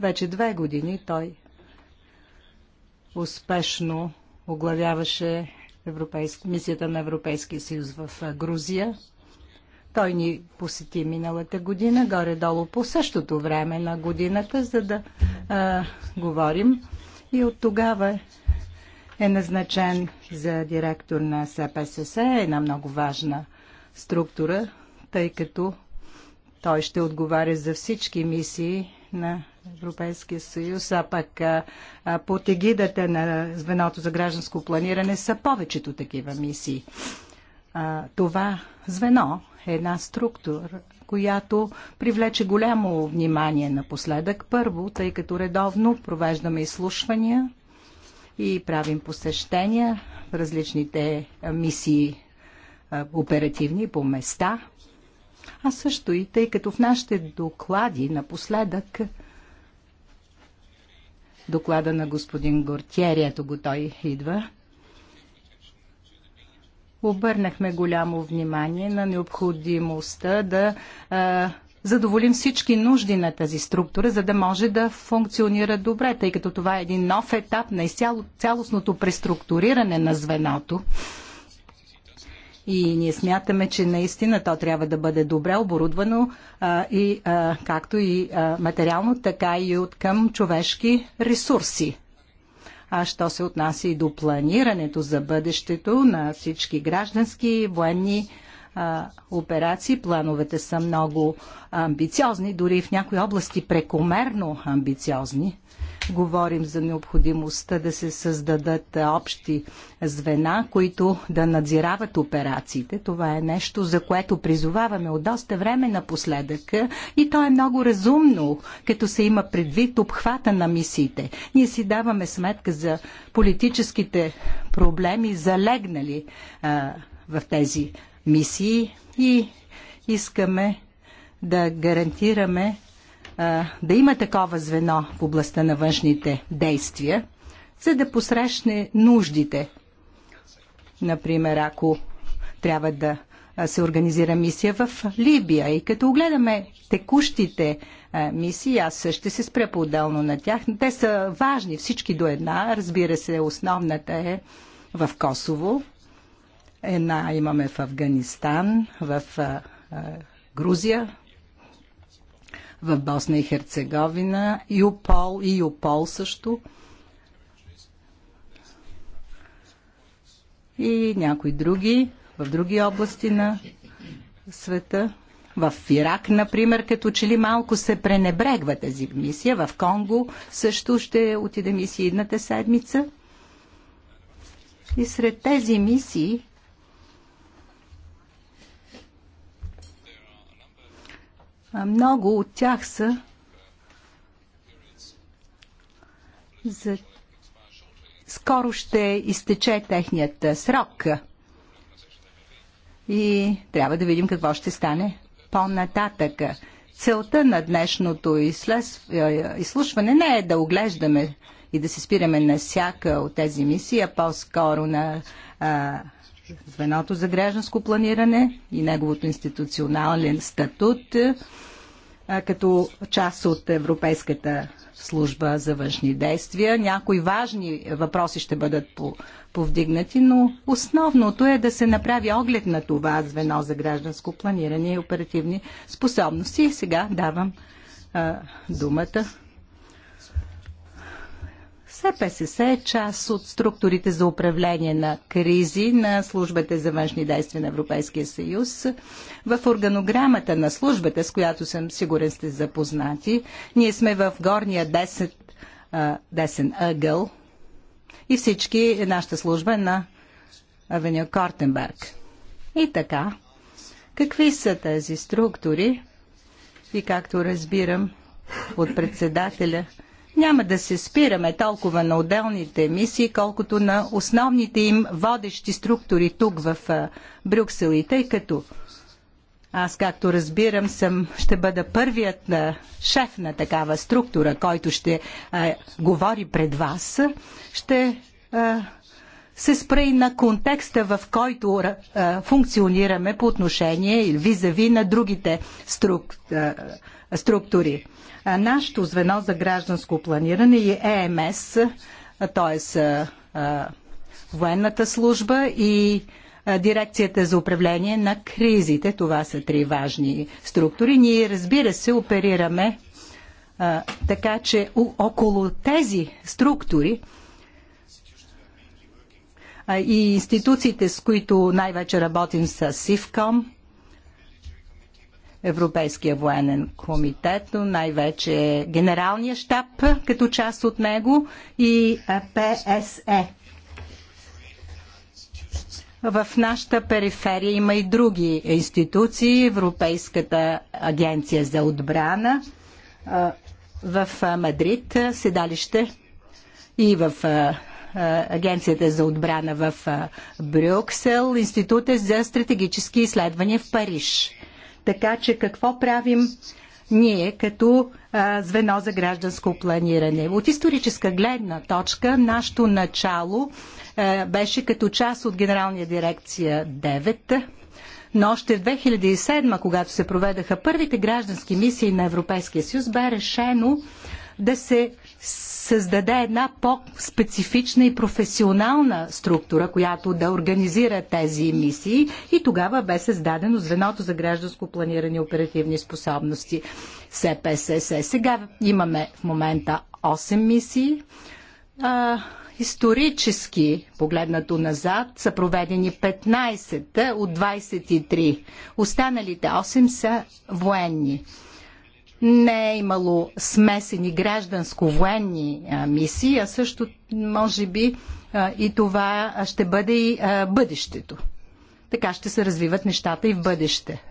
Вече две години той успешно оглавяваше Европейск... мисията на Европейския съюз в Грузия. Той ни посети миналата година, горе-долу по същото време на годината, за да а, говорим. И от тогава е назначен за директор на СПСС, една много важна структура, тъй като той ще отговаря за всички мисии на Европейския съюз, а пък а, под егидата на звеното за гражданско планиране са повечето такива мисии. А, това звено е една структура, която привлече голямо внимание напоследък. Първо, тъй като редовно провеждаме изслушвания и правим посещения в различните мисии оперативни по места, а също и тъй като в нашите доклади напоследък доклада на господин Гортиери, ето го той идва. Обърнахме голямо внимание на необходимостта да а, задоволим всички нужди на тази структура, за да може да функционира добре, тъй като това е един нов етап на изцяло, цялостното преструктуриране на звеното. И ние смятаме, че наистина то трябва да бъде добре оборудвано а, и а, както и а, материално, така и от към човешки ресурси. А що се отнася и до планирането за бъдещето на всички граждански, военни а, операции, плановете са много амбициозни, дори в някои области прекомерно амбициозни говорим за необходимостта да се създадат общи звена, които да надзирават операциите. Това е нещо, за което призоваваме от доста време напоследък и то е много разумно, като се има предвид обхвата на мисиите. Ние си даваме сметка за политическите проблеми, залегнали а, в тези мисии и искаме да гарантираме да има такова звено в областта на външните действия, за да посрещне нуждите. Например, ако трябва да се организира мисия в Либия. И като огледаме текущите мисии, аз ще се спря по-отделно на тях. Те са важни всички до една. Разбира се, основната е в Косово. Една имаме в Афганистан, в Грузия, в Босна и Херцеговина, ЮПОЛ и ЮПОЛ също. И някои други, в други области на света. В Ирак, например, като че ли малко се пренебрегва тази мисия. В Конго също ще отиде мисия едната седмица. И сред тези мисии Много от тях са за... скоро ще изтече техният срок. И трябва да видим какво ще стане по-нататък. Целта на днешното изслушване не е да оглеждаме и да се спираме на всяка от тези мисии, а по-скоро на а, звеното за гражданско планиране и неговото институционален статут е, като част от Европейската служба за външни действия. Някои важни въпроси ще бъдат повдигнати, но основното е да се направи оглед на това звено за гражданско планиране и оперативни способности. И сега давам а, думата СПСС е част от структурите за управление на кризи на службата за външни действия на Европейския съюз. В органограмата на службата, с която съм сигурен сте запознати, ние сме в горния десен, десен ъгъл и всички е нашата служба е на Авеню Кортенберг. И така, какви са тези структури? И както разбирам от председателя, няма да се спираме толкова на отделните мисии, колкото на основните им водещи структури тук в Брюксел и тъй като аз, както разбирам, съм, ще бъда първият шеф на такава структура, който ще а, говори пред вас. Ще а, се спре и на контекста, в който а, функционираме по отношение или визави на другите струк, а, структури нашето звено за гражданско планиране и е ЕМС, т.е. военната служба и дирекцията за управление на кризите. Това са три важни структури. Ние, разбира се, оперираме а, така, че около тези структури а, и институциите, с които най-вече работим са СИВКОМ, Европейския военен комитет, но най-вече Генералния щаб като част от него и ПСЕ. Е. В нашата периферия има и други институции, Европейската агенция за отбрана в Мадрид, седалище и в Агенцията за отбрана в Брюксел, Института за стратегически изследвания в Париж. Така че какво правим ние като а, звено за гражданско планиране? От историческа гледна точка, нашето начало а, беше като част от Генералния дирекция 9 но още в 2007, когато се проведаха първите граждански мисии на Европейския съюз, бе решено да се създаде една по-специфична и професионална структура, която да организира тези мисии и тогава бе създадено звеното за гражданско планиране и оперативни способности СПСС. Сега имаме в момента 8 мисии. А, исторически, погледнато назад, са проведени 15 от 23. Останалите 8 са военни не е имало смесени гражданско-военни мисии, а също може би и това ще бъде и бъдещето. Така ще се развиват нещата и в бъдеще.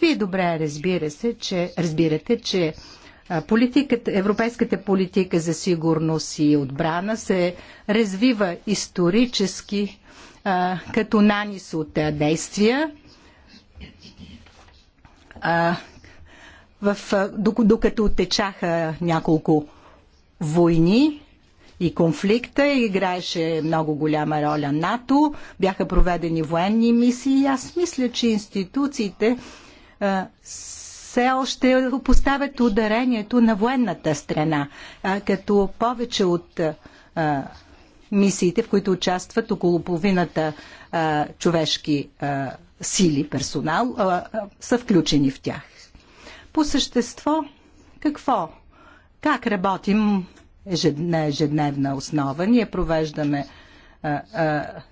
Вие добре разбира се, че, разбирате, че политиката, европейската политика за сигурност и отбрана се развива исторически като нанис от действия в, докато течаха няколко войни и конфликта, играеше много голяма роля НАТО, бяха проведени военни мисии. Аз мисля, че институциите все още поставят ударението на военната страна, а, като повече от а, мисиите, в които участват около половината а, човешки а, сили, персонал, а, а, са включени в тях. По същество, какво? Как работим на ежедневна основа? Ние провеждаме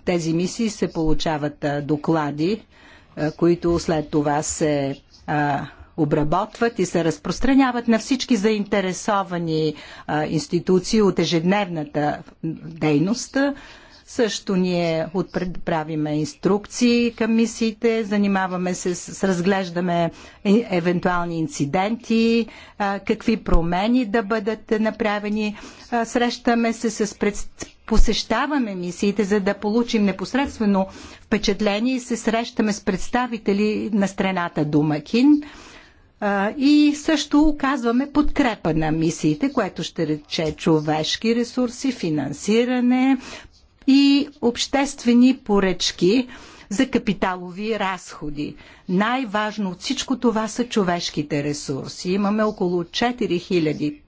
тези мисии, се получават доклади, които след това се обработват и се разпространяват на всички заинтересовани институции от ежедневната дейност също ние отправиме инструкции към мисиите, занимаваме се с, разглеждаме евентуални инциденти, какви промени да бъдат направени. Срещаме се с пред... посещаваме мисиите, за да получим непосредствено впечатление и се срещаме с представители на страната Думакин и също оказваме подкрепа на мисиите, което ще рече човешки ресурси, финансиране, и обществени поръчки за капиталови разходи. Най-важно от всичко това са човешките ресурси. Имаме около 4000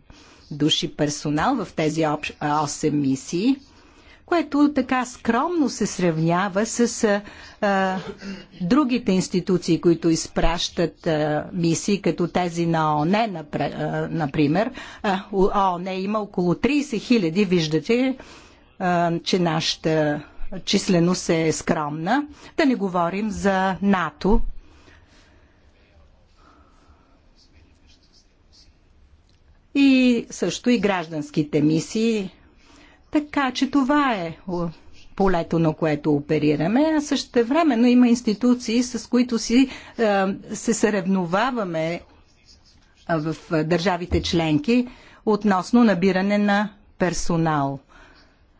души персонал в тези 8 мисии, което така скромно се сравнява с а, другите институции, които изпращат а, мисии, като тези на ООН, например. А, ООН има около 30 000, виждате, че нашата численост е скромна. Да не говорим за НАТО. И също и гражданските мисии. Така че това е полето, на което оперираме, а също но има институции, с които си се съревноваваме в държавите членки относно набиране на персонал –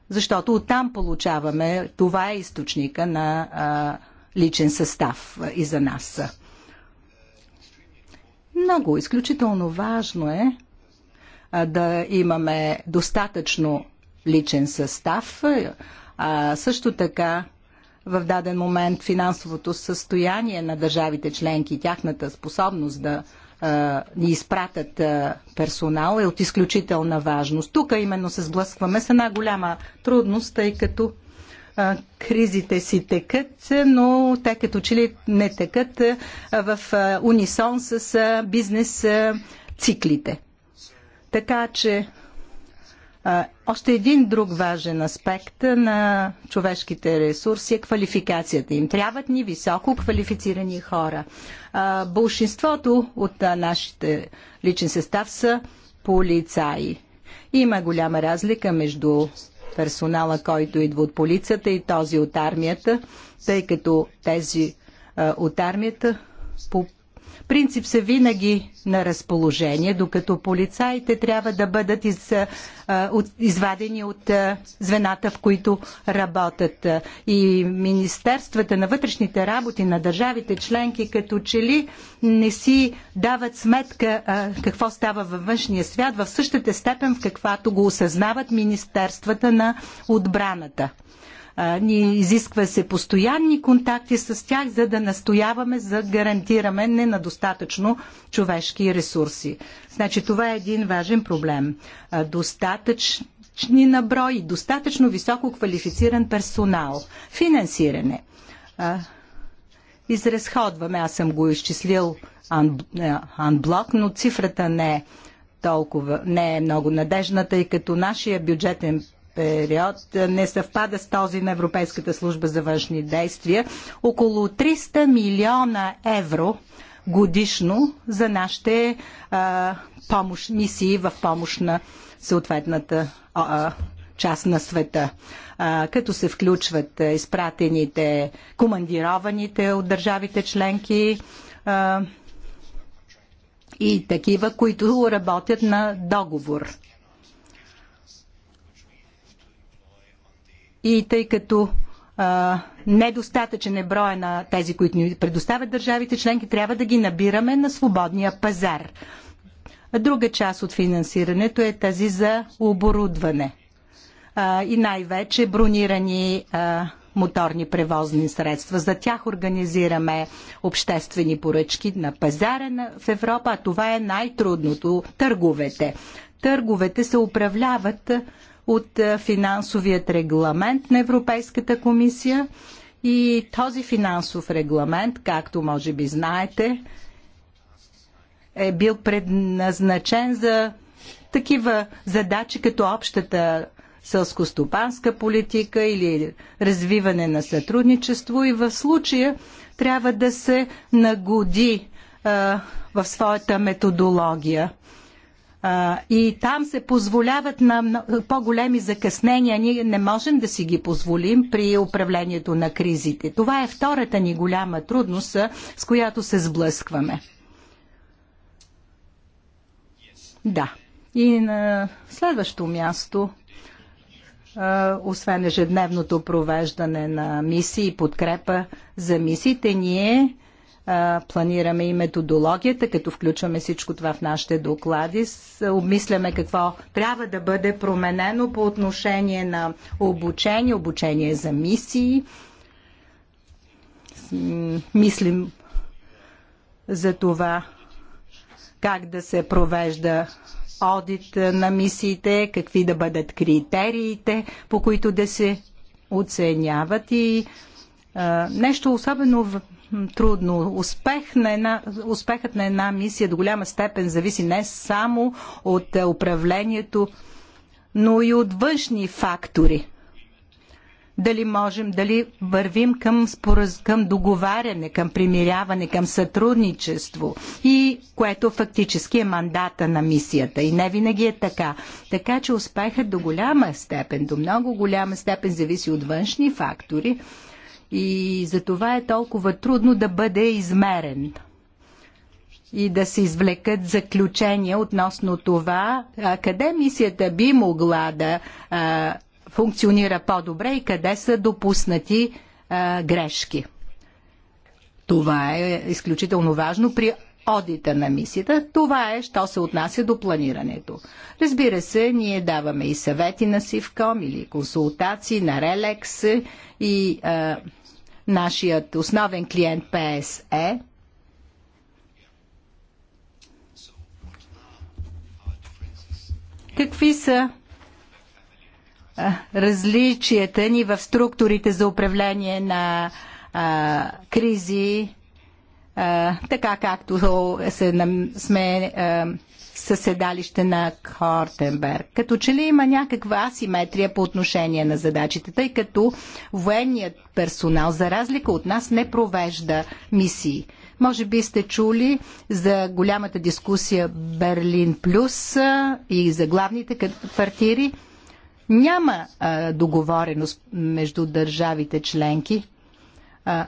защото оттам получаваме, това е източника на а, личен състав и за нас. Много, изключително важно е а, да имаме достатъчно личен състав, а също така в даден момент финансовото състояние на държавите членки, тяхната способност да ни изпратят персонал е от изключителна важност. Тук именно се сблъскваме с една голяма трудност, тъй като кризите си текат, но те като че ли не текат в унисон с бизнес циклите. Така че още един друг важен аспект на човешките ресурси е квалификацията им. Трябват ни високо квалифицирани хора. Бълшинството от нашите личен състав са полицаи. Има голяма разлика между персонала, който идва от полицията и този от армията, тъй като тези от армията по принцип са винаги на разположение, докато полицаите трябва да бъдат из, от, извадени от звената, в които работят. И Министерствата на вътрешните работи на държавите членки като че ли не си дават сметка какво става във външния свят в същата степен, в каквато го осъзнават Министерствата на отбраната. Ние изисква се постоянни контакти с тях, за да настояваме за гарантиране не на достатъчно човешки ресурси. Значи това е един важен проблем. достатъчни наброи, достатъчно високо квалифициран персонал. Финансиране. Изразходваме, аз съм го изчислил анблок, е, но цифрата не е толкова, не е много надежна, тъй като нашия бюджетен период не съвпада с този на Европейската служба за външни действия. Около 300 милиона евро годишно за нашите а, помощ, мисии в помощ на съответната а, част на света, а, като се включват а, изпратените, командированите от държавите членки а, и такива, които работят на договор и тъй като а, недостатъчен е броя на тези, които ни предоставят държавите членки, трябва да ги набираме на свободния пазар. Друга част от финансирането е тази за оборудване а, и най-вече бронирани а, моторни превозни средства. За тях организираме обществени поръчки на пазара в Европа, а това е най-трудното – търговете. Търговете се управляват от е, финансовият регламент на Европейската комисия. И този финансов регламент, както може би знаете, е бил предназначен за такива задачи като общата сълскостопанска политика или развиване на сътрудничество и в случая трябва да се нагоди а, е, в своята методология и там се позволяват на по-големи закъснения. Ние не можем да си ги позволим при управлението на кризите. Това е втората ни голяма трудност, с която се сблъскваме. Да. И на следващо място, освен ежедневното провеждане на мисии и подкрепа за мисиите, ние планираме и методологията, като включваме всичко това в нашите доклади. обмисляме какво трябва да бъде променено по отношение на обучение, обучение за мисии. Мислим за това как да се провежда одит на мисиите, какви да бъдат критериите, по които да се оценяват и а, нещо особено трудно. Успех на една, успехът на една мисия до голяма степен зависи не само от е, управлението, но и от външни фактори. Дали можем, дали вървим към, споръз, към договаряне, към примиряване, към сътрудничество и което фактически е мандата на мисията. И не винаги е така. Така че успехът до голяма степен, до много голяма степен зависи от външни фактори, и за това е толкова трудно да бъде измерен и да се извлекат заключения относно това къде мисията би могла да а, функционира по-добре и къде са допуснати а, грешки. Това е изключително важно при одита на мисията. Това е, що се отнася до планирането. Разбира се, ние даваме и съвети на Сивком или консултации на Релекс и а, нашият основен клиент ПСЕ. Какви са различията ни в структурите за управление на а, кризи, а, така както се, сме със седалище на Хортенберг. Като че ли има някаква асиметрия по отношение на задачите, тъй като военният персонал, за разлика от нас, не провежда мисии. Може би сте чули за голямата дискусия Берлин Плюс и за главните квартири, Няма а, договореност между държавите членки. А,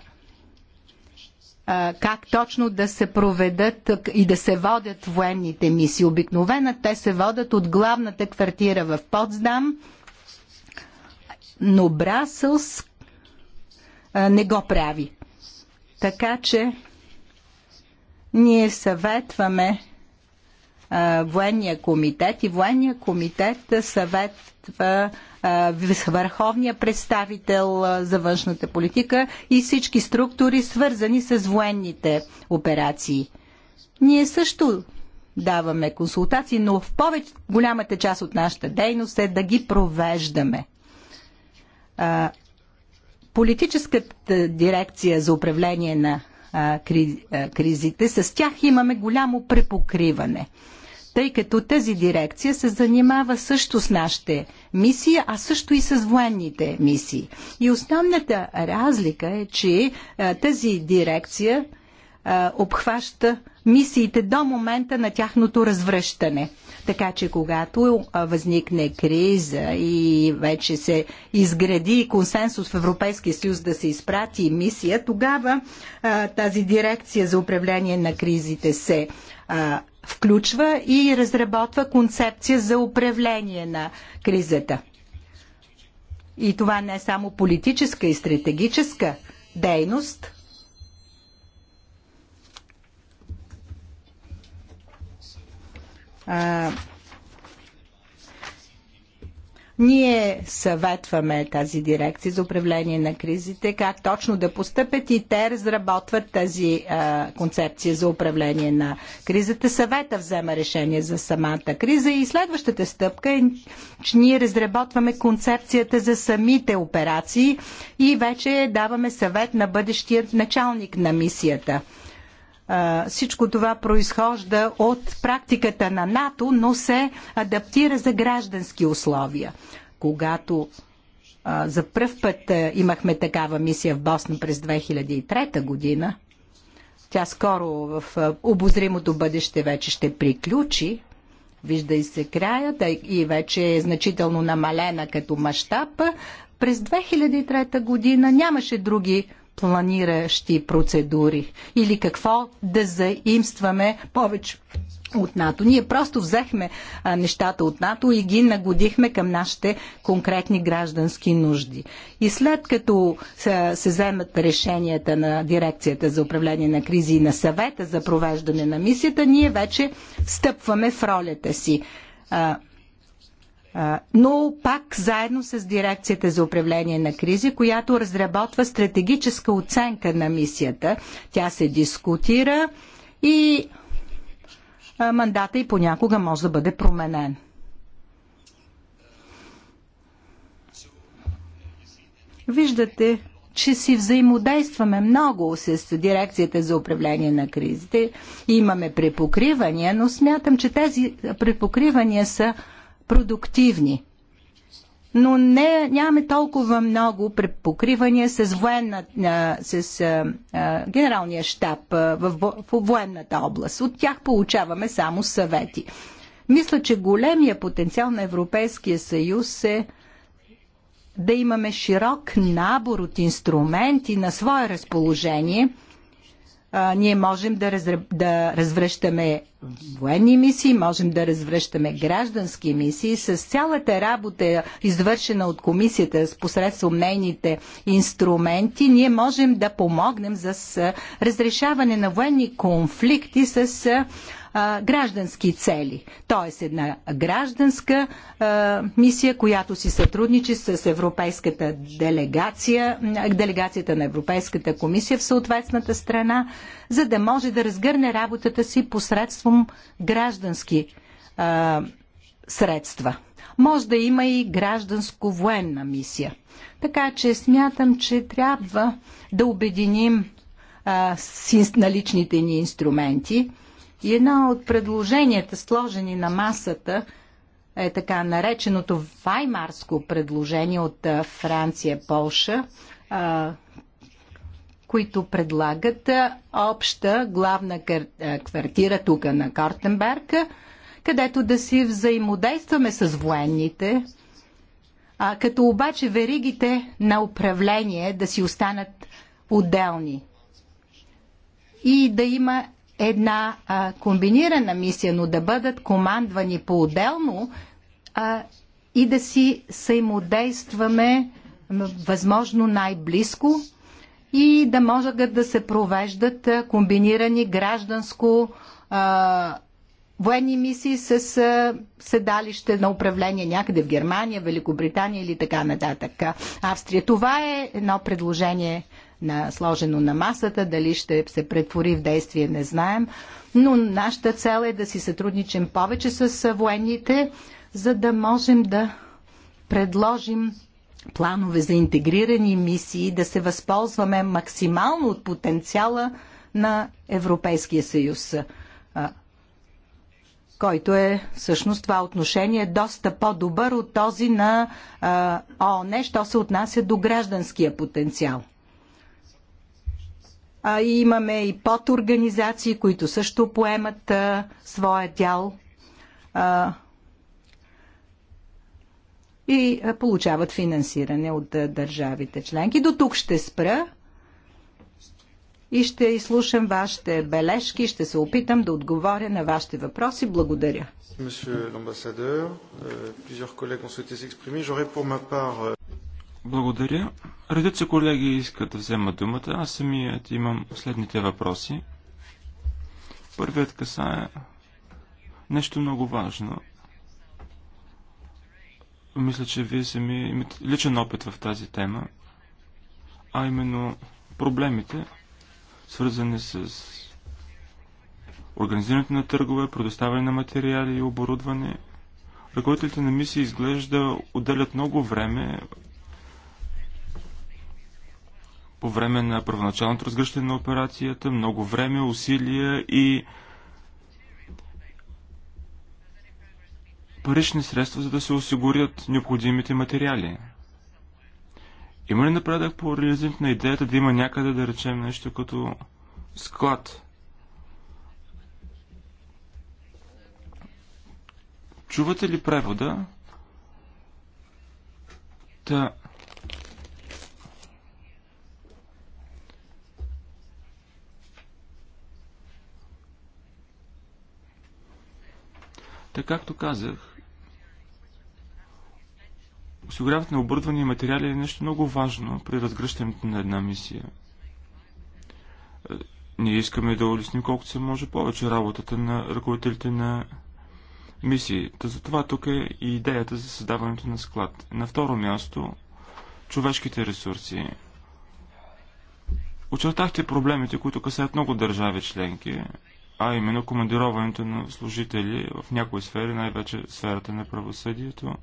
как точно да се проведат и да се водят военните мисии. Обикновено те се водят от главната квартира в Потсдам, но Брасълс не го прави. Така че ние съветваме военния комитет и военния комитет съветва върховния представител за външната политика и всички структури, свързани с военните операции. Ние също даваме консултации, но в повече голямата част от нашата дейност е да ги провеждаме. А, политическата дирекция за управление на а, кри, а, кризите, с тях имаме голямо препокриване тъй като тази дирекция се занимава също с нашите мисии, а също и с военните мисии. И основната разлика е, че е, тази дирекция е, обхваща мисиите до момента на тяхното развръщане. Така че когато е, възникне криза и вече се изгради консенсус в Европейския съюз да се изпрати мисия, тогава тази дирекция за управление на кризите се включва и разработва концепция за управление на кризата. И това не е само политическа и стратегическа дейност. А, ние съветваме тази дирекция за управление на кризите как точно да постъпят и те разработват тази а, концепция за управление на кризата. Съвета взема решение за самата криза и следващата стъпка е, че ние разработваме концепцията за самите операции и вече даваме съвет на бъдещия началник на мисията всичко това произхожда от практиката на НАТО, но се адаптира за граждански условия. Когато за пръв път имахме такава мисия в Босна през 2003 година, тя скоро в обозримото бъдеще вече ще приключи, вижда и се края и вече е значително намалена като мащаб. През 2003 година нямаше други планиращи процедури или какво да заимстваме повече от НАТО. Ние просто взехме а, нещата от НАТО и ги нагодихме към нашите конкретни граждански нужди. И след като се, се вземат решенията на Дирекцията за управление на кризи и на съвета за провеждане на мисията, ние вече стъпваме в ролята си. А, но пак заедно с Дирекцията за управление на кризи, която разработва стратегическа оценка на мисията. Тя се дискутира и мандата и понякога може да бъде променен. Виждате, че си взаимодействаме много с Дирекцията за управление на кризите. Имаме препокривания, но смятам, че тези препокривания са продуктивни. Но не, нямаме толкова много препокривания с, военна, с а, генералния щаб в, в военната област. От тях получаваме само съвети. Мисля, че големия потенциал на Европейския съюз е да имаме широк набор от инструменти на свое разположение – а, ние можем да, разр... да развръщаме военни мисии, можем да развръщаме граждански мисии с цялата работа, извършена от комисията с посредством нейните инструменти, ние можем да помогнем за разрешаване на военни конфликти с граждански цели. Тоест една гражданска а, мисия, която си сътрудничи с европейската делегация, делегацията на Европейската комисия в съответната страна, за да може да разгърне работата си посредством граждански а, средства. Може да има и гражданско-военна мисия. Така че смятам, че трябва да обединим а, с наличните ни инструменти – и едно от предложенията, сложени на масата, е така нареченото ваймарско предложение от Франция, Полша, които предлагат обща главна квартира тук на Кортенберг, където да си взаимодействаме с военните, а, като обаче веригите на управление да си останат отделни и да има една а, комбинирана мисия, но да бъдат командвани по-отделно и да си съимодействаме възможно най-близко и да могат да се провеждат комбинирани гражданско а, военни мисии с а, седалище на управление някъде в Германия, Великобритания или така нататък. Австрия. Това е едно предложение на, сложено на масата, дали ще се претвори в действие, не знаем. Но нашата цел е да си сътрудничим повече с военните, за да можем да предложим планове за интегрирани мисии, да се възползваме максимално от потенциала на Европейския съюз, който е всъщност това отношение доста по-добър от този на ООН, що се отнася до гражданския потенциал. А, имаме и подорганизации, които също поемат а, своя дял а, и а, получават финансиране от а, държавите членки. До тук ще спра и ще изслушам вашите бележки, ще се опитам да отговоря на вашите въпроси. Благодаря. Благодаря. Редица колеги искат да вземат думата. Аз самият имам следните въпроси. Първият касае нещо много важно. Мисля, че вие сами имате личен опит в тази тема, а именно проблемите, свързани с организирането на търгове, предоставяне на материали и оборудване. Ръководителите на мисии изглежда отделят много време по време на първоначалното разгръщане на операцията, много време, усилия и парични средства, за да се осигурят необходимите материали. Има ли напредък по реализирането на идеята да има някъде, да речем, нещо като склад? Чувате ли превода? Та... Да. Така както казах, осигуряват на оборудване и материали е нещо много важно при разгръщането на една мисия. Ние искаме да улесним колкото се може повече работата на ръководителите на мисии. Та затова тук е и идеята за създаването на склад. На второ място, човешките ресурси. Очертахте проблемите, които касаят много държави членки а именно командироването на служители в някои сфери, най-вече сферата на правосъдието.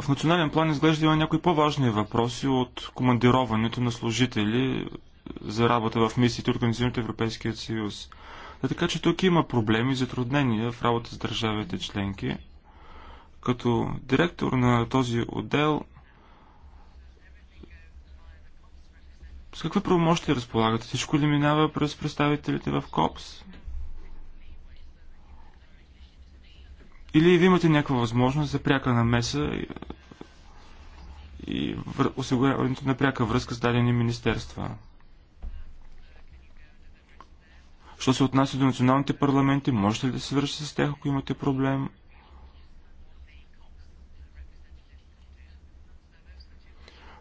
В национален план изглежда има някои по-важни въпроси от командироването на служители за работа в мисиите, организирани от Европейския съюз. така че тук има проблеми и затруднения в работа с държавите членки. Като директор на този отдел – С какви правомощи разполагате? Всичко ли минава през представителите в КОПС? Или ви имате някаква възможност за пряка намеса и, и осигуряването на пряка връзка с дадени министерства? Що се отнася до националните парламенти, можете ли да се вършите с тях, ако имате проблем?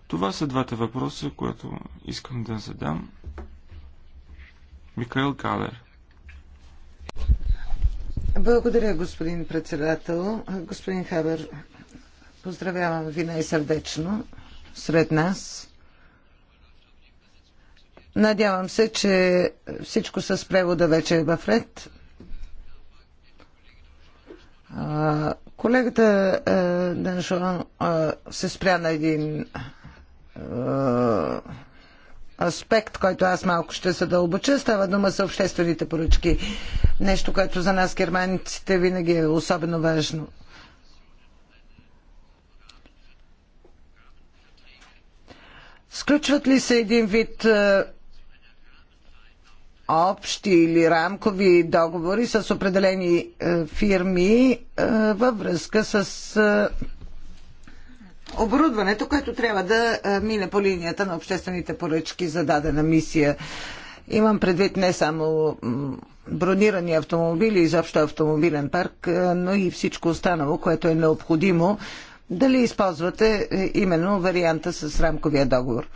Това са двата въпроса, които искам да задам. Микаел Калер. Благодаря, господин председател. Господин Хабер, поздравявам ви най-сърдечно сред нас. Надявам се, че всичко с превода вече е в ред. Колегата е, Данжон е, се спря на един е, аспект, който аз малко ще се дълбоча, става дума за обществените поръчки. Нещо, което за нас, германците, винаги е особено важно. Сключват ли се един вид е, общи или рамкови договори с определени е, фирми във връзка с оборудването, което трябва да мине по линията на обществените поръчки за дадена мисия. Имам предвид не само бронирани автомобили, изобщо автомобилен парк, но и всичко останало, което е необходимо. Дали използвате е, именно варианта с рамковия договор?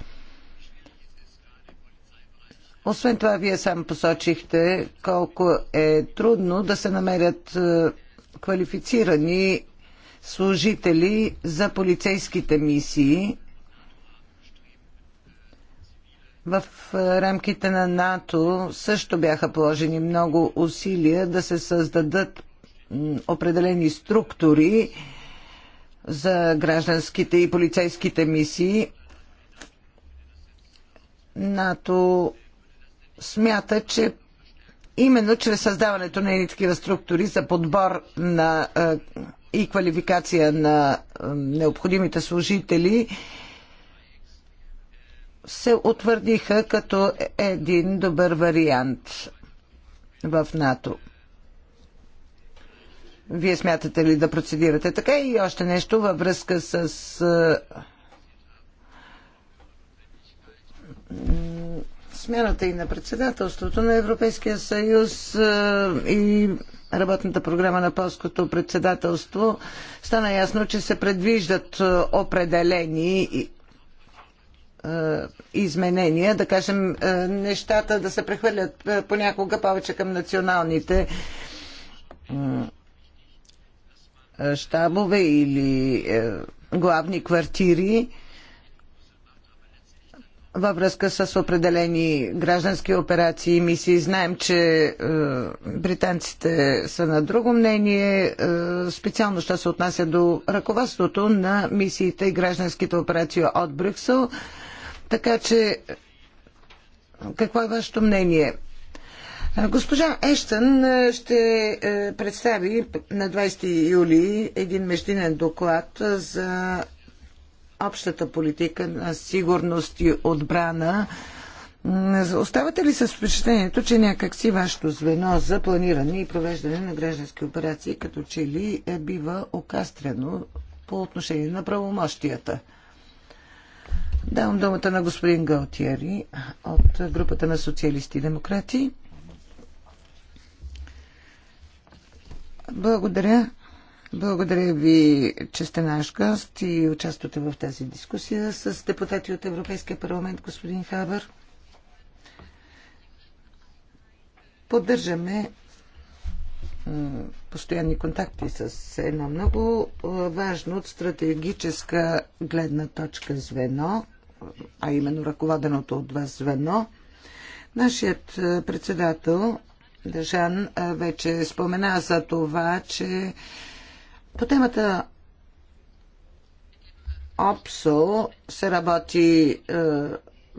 Освен това, вие сам посочихте колко е трудно да се намерят е, квалифицирани служители за полицейските мисии в е, рамките на НАТО също бяха положени много усилия да се създадат определени структури за гражданските и полицейските мисии. НАТО смята, че именно чрез създаването на едни такива структури за подбор на е, и квалификация на необходимите служители се утвърдиха като един добър вариант в НАТО. Вие смятате ли да процедирате така и още нещо във връзка с смяната и на председателството на Европейския съюз е, и работната програма на полското председателство стана ясно, че се предвиждат е, определени е, изменения, да кажем, нещата да се прехвърлят понякога повече към националните щабове или главни квартири във връзка с определени граждански операции и мисии. Знаем, че е, британците са на друго мнение, е, специално що се отнася до ръководството на мисиите и гражданските операции от Брюксел. Така че, какво е вашето мнение? Госпожа Ештън е, ще е, представи на 20 юли един междинен доклад за общата политика на сигурност и отбрана. Оставате ли с впечатлението, че някакси вашето звено за планиране и провеждане на граждански операции като че ли е бива окастрено по отношение на правомощията? Давам думата на господин Галтиери от групата на социалисти и демократи. Благодаря. Благодаря ви, че сте наш гост и участвате в тази дискусия с депутати от Европейския парламент, господин Хабър. Поддържаме постоянни контакти с едно много важно от стратегическа гледна точка звено, а именно ръководеното от вас звено. Нашият председател Държан вече спомена за това, че по темата ОПСО се работи е,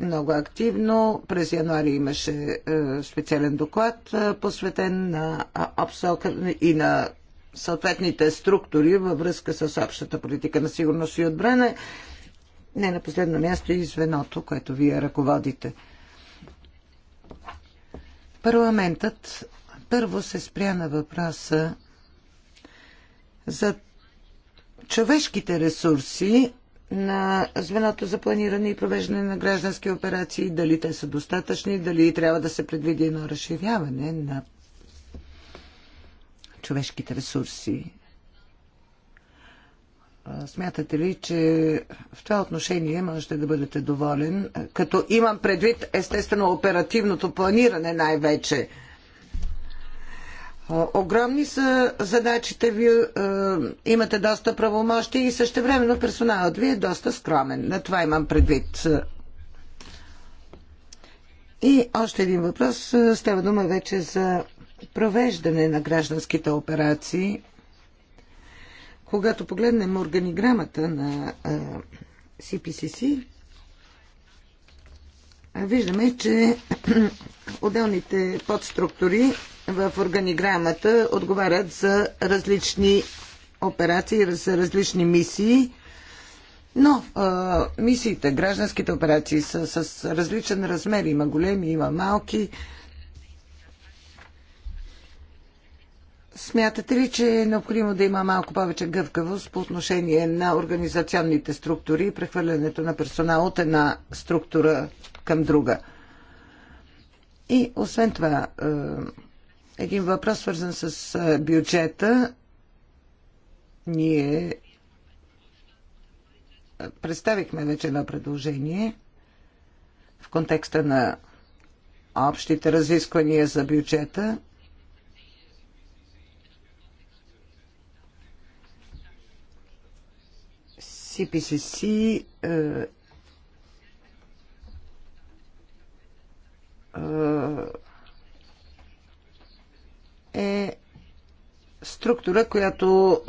много активно. През януари имаше е, специален доклад, е, посветен на е, ОПСО и на съответните структури във връзка с общата политика на сигурност и отбране, Не на последно място и звеното, което вие ръководите. Парламентът първо се спря на въпроса за човешките ресурси на звеното за планиране и провеждане на граждански операции, дали те са достатъчни, дали трябва да се предвиди едно разширяване на човешките ресурси. Смятате ли, че в това отношение можете да бъдете доволен, като имам предвид естествено оперативното планиране най-вече? Огромни са задачите ви, е, имате доста правомощи и същевременно персоналът ви е доста скромен. На това имам предвид. И още един въпрос. Е, става дума вече за провеждане на гражданските операции. Когато погледнем органиграмата на CPCC, е, виждаме, че отделните подструктури в органиграмата отговарят за различни операции, за различни мисии. Но а, мисиите, гражданските операции са с различен размер. Има големи, има малки. Смятате ли, че е необходимо да има малко повече гъвкавост по отношение на организационните структури и прехвърлянето на персонал от една структура към друга? И освен това, един въпрос, свързан с бюджета. Ние представихме вече едно предложение в контекста на общите разисквания за бюджета. CPCC е, е, е структура, която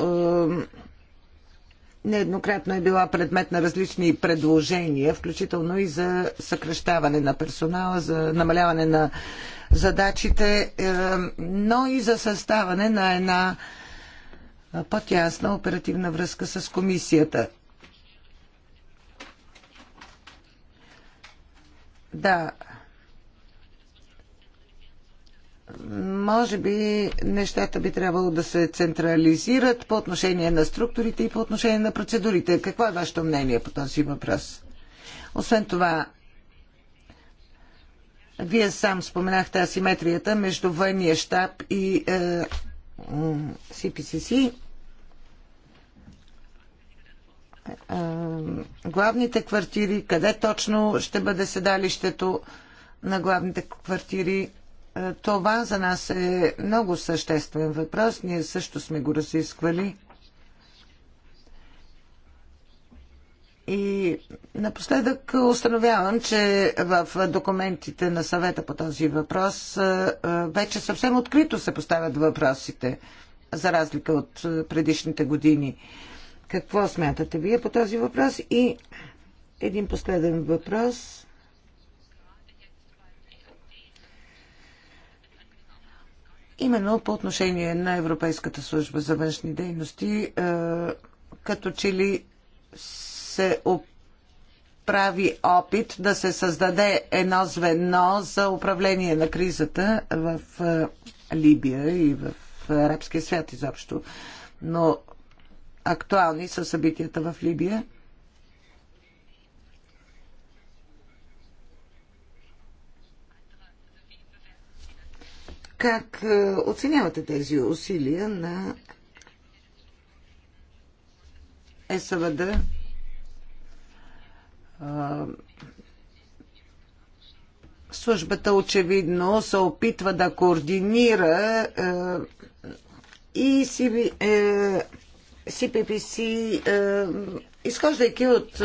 нееднократно е била предмет на различни предложения, включително и за съкръщаване на персонала, за намаляване на задачите, но и за съставане на една по-тясна оперативна връзка с комисията. Да, може би нещата би трябвало да се централизират по отношение на структурите и по отношение на процедурите. Какво е вашето мнение по този въпрос? Освен това, вие сам споменахте асиметрията между военния щаб и е, CPCC. Е, главните квартири, къде точно ще бъде седалището на главните квартири е, това за нас е много съществен въпрос. Ние също сме го разисквали. И напоследък установявам, че в документите на съвета по този въпрос е, е, вече съвсем открито се поставят въпросите, за разлика от предишните години. Какво смятате вие по този въпрос? И един последен въпрос – Именно по отношение на Европейската служба за външни дейности, е, като че ли се прави опит да се създаде едно звено за управление на кризата в е, Либия и в е, арабския свят изобщо. Но актуални са събитията в Либия. Как е, оценявате тези усилия на СВД е, службата очевидно се опитва да координира е, и CPPC, изхождайки от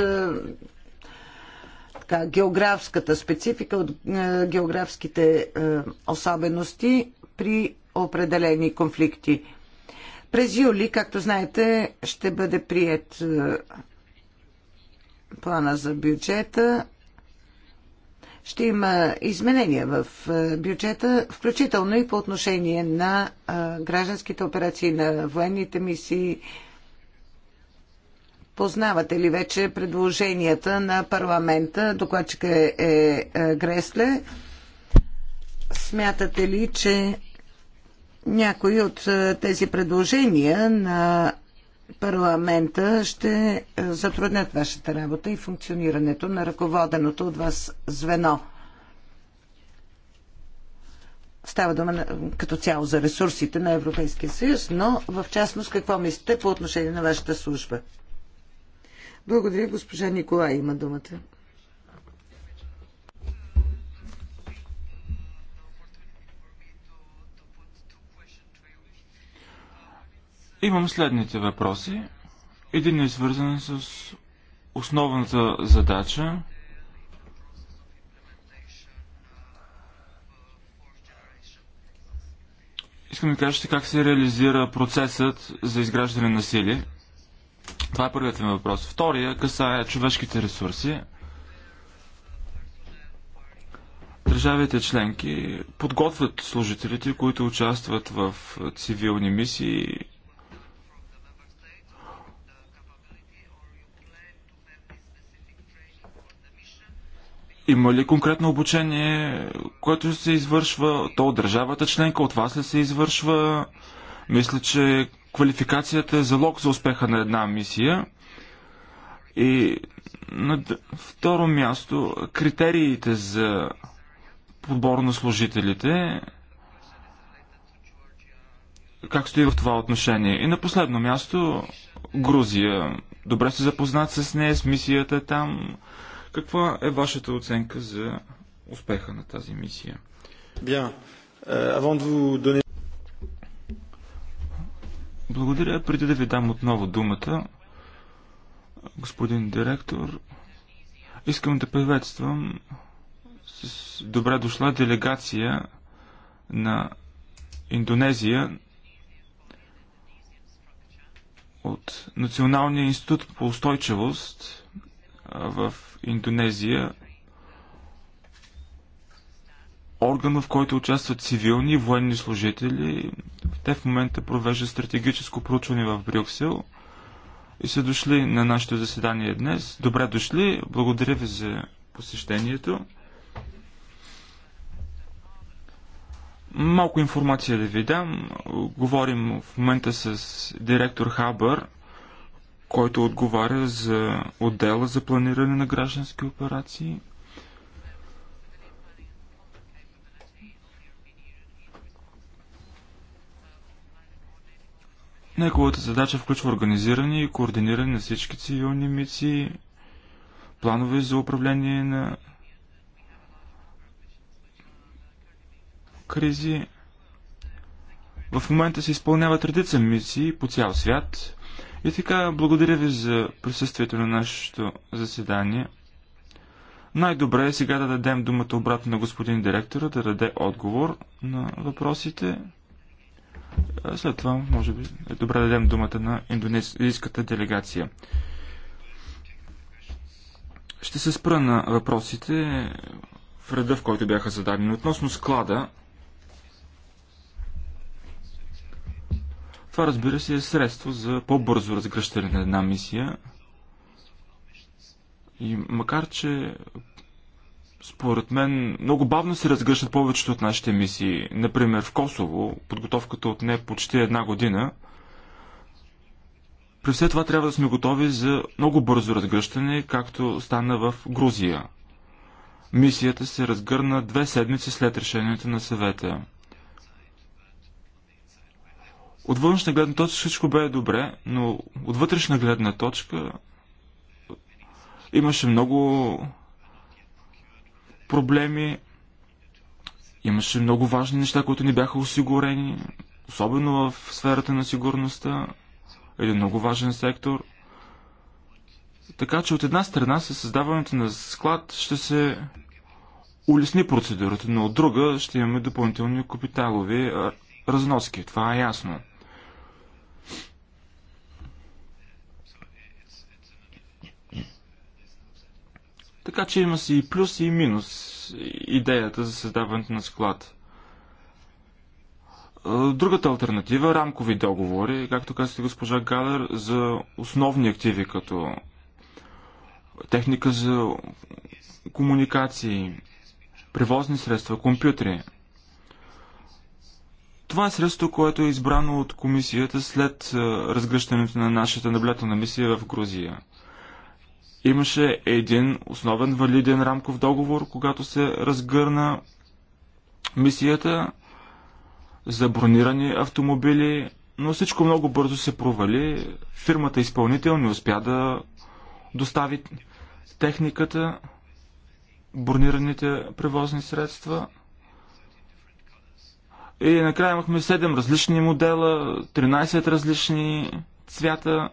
така, географската специфика, от е, географските е, особености при определени конфликти. През юли, както знаете, ще бъде прият е, плана за бюджета. Ще има изменения в бюджета, включително и по отношение на гражданските операции, на военните мисии, Познавате ли вече предложенията на парламента? Докладчика е, е, е Гресле. Смятате ли, че някои от е, тези предложения на парламента ще е, затруднят вашата работа и функционирането на ръководеното от вас звено? Става дума като цяло за ресурсите на Европейския съюз, но в частност какво мислите по отношение на вашата служба? Благодаря, госпожа Николай има думата. Имам следните въпроси. Един е свързан с основната задача Искам да кажете как се реализира процесът за изграждане на сили. Това е първият ми въпрос. Втория касае човешките ресурси. Държавите членки подготвят служителите, които участват в цивилни мисии Има ли конкретно обучение, което се извършва? То от държавата членка, от вас ли се извършва? Мисля, че Квалификацията е залог за успеха на една мисия. И на второ място, критериите за подбор на служителите. Как стои в това отношение? И на последно място, Грузия. Добре сте запознат с нея, с мисията там. Каква е вашата оценка за успеха на тази мисия? Bien. Euh, avant de vous donner... Благодаря. Преди да ви дам отново думата, господин директор, искам да приветствам с добре дошла делегация на Индонезия от Националния институт по устойчивост в Индонезия органа, в който участват цивилни и военни служители. Те в момента провеждат стратегическо проучване в Брюксел и са дошли на нашето заседание днес. Добре дошли, благодаря ви за посещението. Малко информация да ви дам. Говорим в момента с директор Хабър, който отговаря за отдела за планиране на граждански операции. Неговата задача включва организиране и координиране на всички цивилни мисии, планове за управление на кризи. В момента се изпълняват редица мисии по цял свят. И така, благодаря ви за присъствието на нашето заседание. Най-добре е сега да дадем думата обратно на господин директора, да даде отговор на въпросите. След това, може би, е добре да дадем думата на индонезийската делегация. Ще се спра на въпросите в реда, в който бяха зададени. Относно склада, това разбира се е средство за по-бързо разгръщане на една мисия. И макар, че според мен, много бавно се разгръщат повечето от нашите мисии. Например, в Косово, подготовката от не почти една година. При все това трябва да сме готови за много бързо разгръщане, както стана в Грузия. Мисията се разгърна две седмици след решението на съвета. От външна гледна точка всичко бе добре, но от вътрешна гледна точка имаше много проблеми. Имаше много важни неща, които не бяха осигурени, особено в сферата на сигурността. Един много важен сектор. Така че от една страна с създаването на склад ще се улесни процедурата, но от друга ще имаме допълнителни капиталови разноски. Това е ясно. Така че има си и плюс и минус идеята за създаването на склад. Другата альтернатива – рамкови договори, както казахте госпожа Галер, за основни активи, като техника за комуникации, превозни средства, компютри. Това е средство, което е избрано от комисията след разгръщането на нашата наблятелна мисия в Грузия. Имаше един основен валиден рамков договор, когато се разгърна мисията за бронирани автомобили, но всичко много бързо се провали. Фирмата изпълнител не успя да достави техниката, бронираните превозни средства. И накрая имахме 7 различни модела, 13 различни цвята,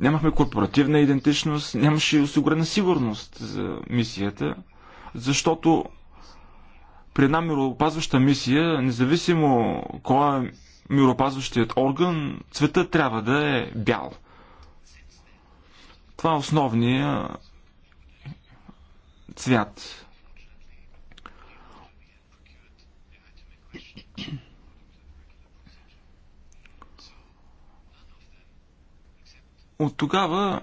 Нямахме корпоративна идентичност, нямаше и осигурена сигурност за мисията, защото при една мироопазваща мисия, независимо кой е миропазващият орган, цвета трябва да е бял. Това е основния цвят. От тогава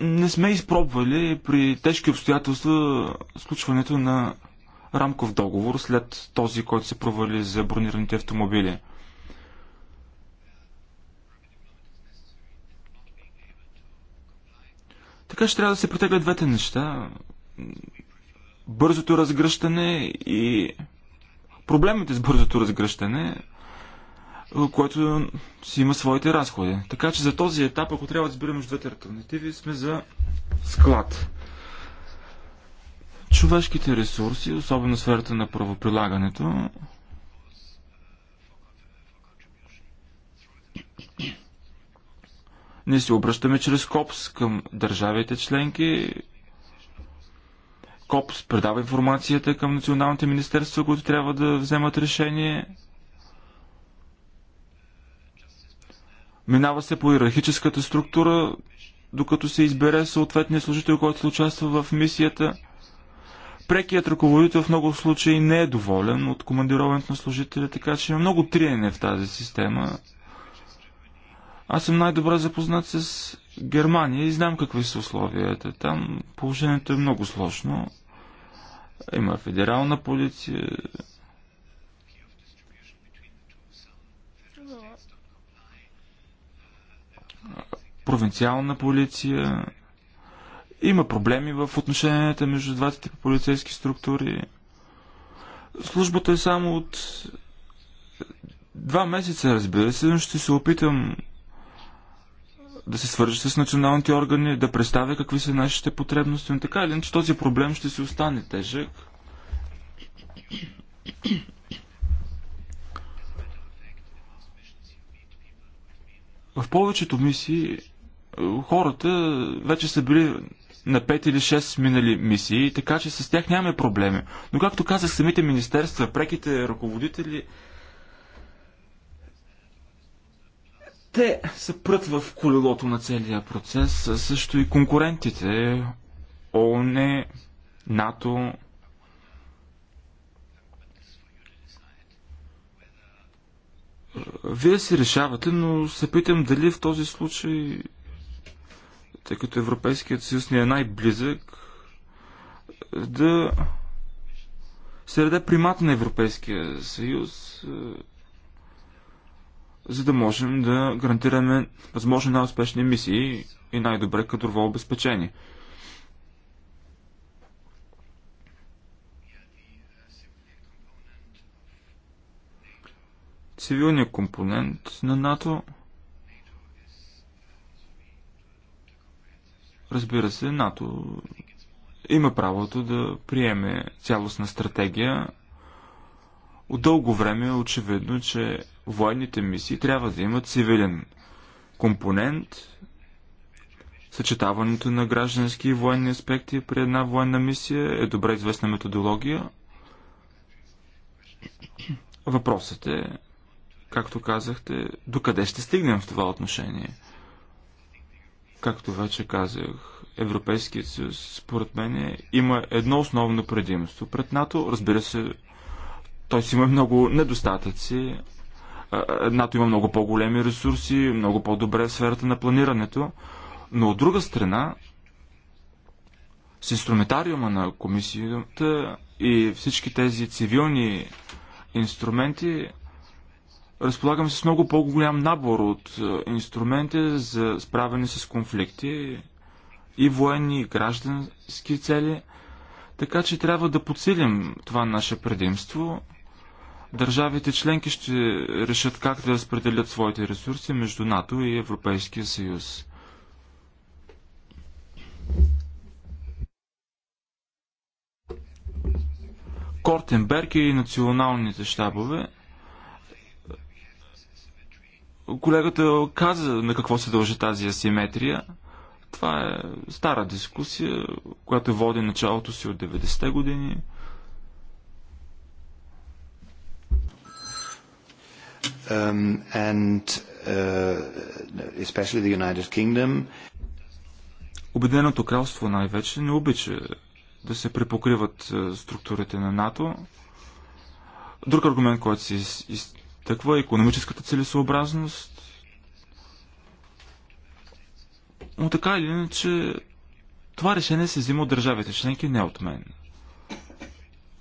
не сме изпробвали при тежки обстоятелства случването на рамков договор след този, който се провали за бронираните автомобили. Така ще трябва да се притеглят двете неща. Бързото разгръщане и проблемите с бързото разгръщане което си има своите разходи. Така че за този етап, ако трябва да избираме между двете альтернативи, сме за склад. Човешките ресурси, особено сферата на правоприлагането, ние се обръщаме чрез КОПС към държавите членки. КОПС предава информацията към националните министерства, които трябва да вземат решение – Минава се по иерархическата структура, докато се избере съответния служител, който се участва в мисията. Прекият ръководител в много случаи не е доволен от командироването на служителя, така че има много триене в тази система. Аз съм най-добре запознат с Германия и знам какви са условията. Там положението е много сложно. Има федерална полиция, провинциална полиция. Има проблеми в отношенията между двата типа полицейски структури. Службата е само от два месеца, разбира се, но ще се опитам да се свържа с националните органи, да представя какви са нашите потребности, но така или иначе този проблем ще си остане тежък. В повечето мисии е, хората вече са били на 5 или 6 минали мисии, така че с тях нямаме проблеми. Но както казах, самите министерства, преките ръководители, те се прът в колелото на целия процес, също и конкурентите, ООН, НАТО, Вие си решавате, но се питам дали в този случай, тъй като Европейският съюз ни е най-близък, да се даде примат на Европейския съюз, е, за да можем да гарантираме възможно най-успешни мисии и най-добре кадрово обезпечение. цивилния компонент на НАТО. Разбира се, НАТО има правото да приеме цялостна стратегия. От дълго време е очевидно, че военните мисии трябва да имат цивилен компонент. Съчетаването на граждански и военни аспекти при една военна мисия е добре известна методология. Въпросът е както казахте, докъде ще стигнем в това отношение. Както вече казах, Европейският съюз, според мен, има едно основно предимство пред НАТО. Разбира се, той си има много недостатъци. НАТО има много по-големи ресурси, много по-добре в сферата на планирането. Но от друга страна, с инструментариума на комисията и всички тези цивилни инструменти, разполагаме с много по-голям набор от е, инструменти за справяне с конфликти и военни, и граждански цели. Така че трябва да подсилим това наше предимство. Държавите членки ще решат как да разпределят своите ресурси между НАТО и Европейския съюз. Кортенберг и националните щабове – Колегата каза на какво се дължи тази асиметрия. Това е стара дискусия, която води началото си от 90-те години. Um, and uh, especially the United Kingdom. Обединеното кралство най-вече не обича да се препокриват е, структурите на НАТО. Друг аргумент, който се из, из, Таква е економическата целесообразност. Но така или иначе, това решение се взима от държавите членки, не от мен.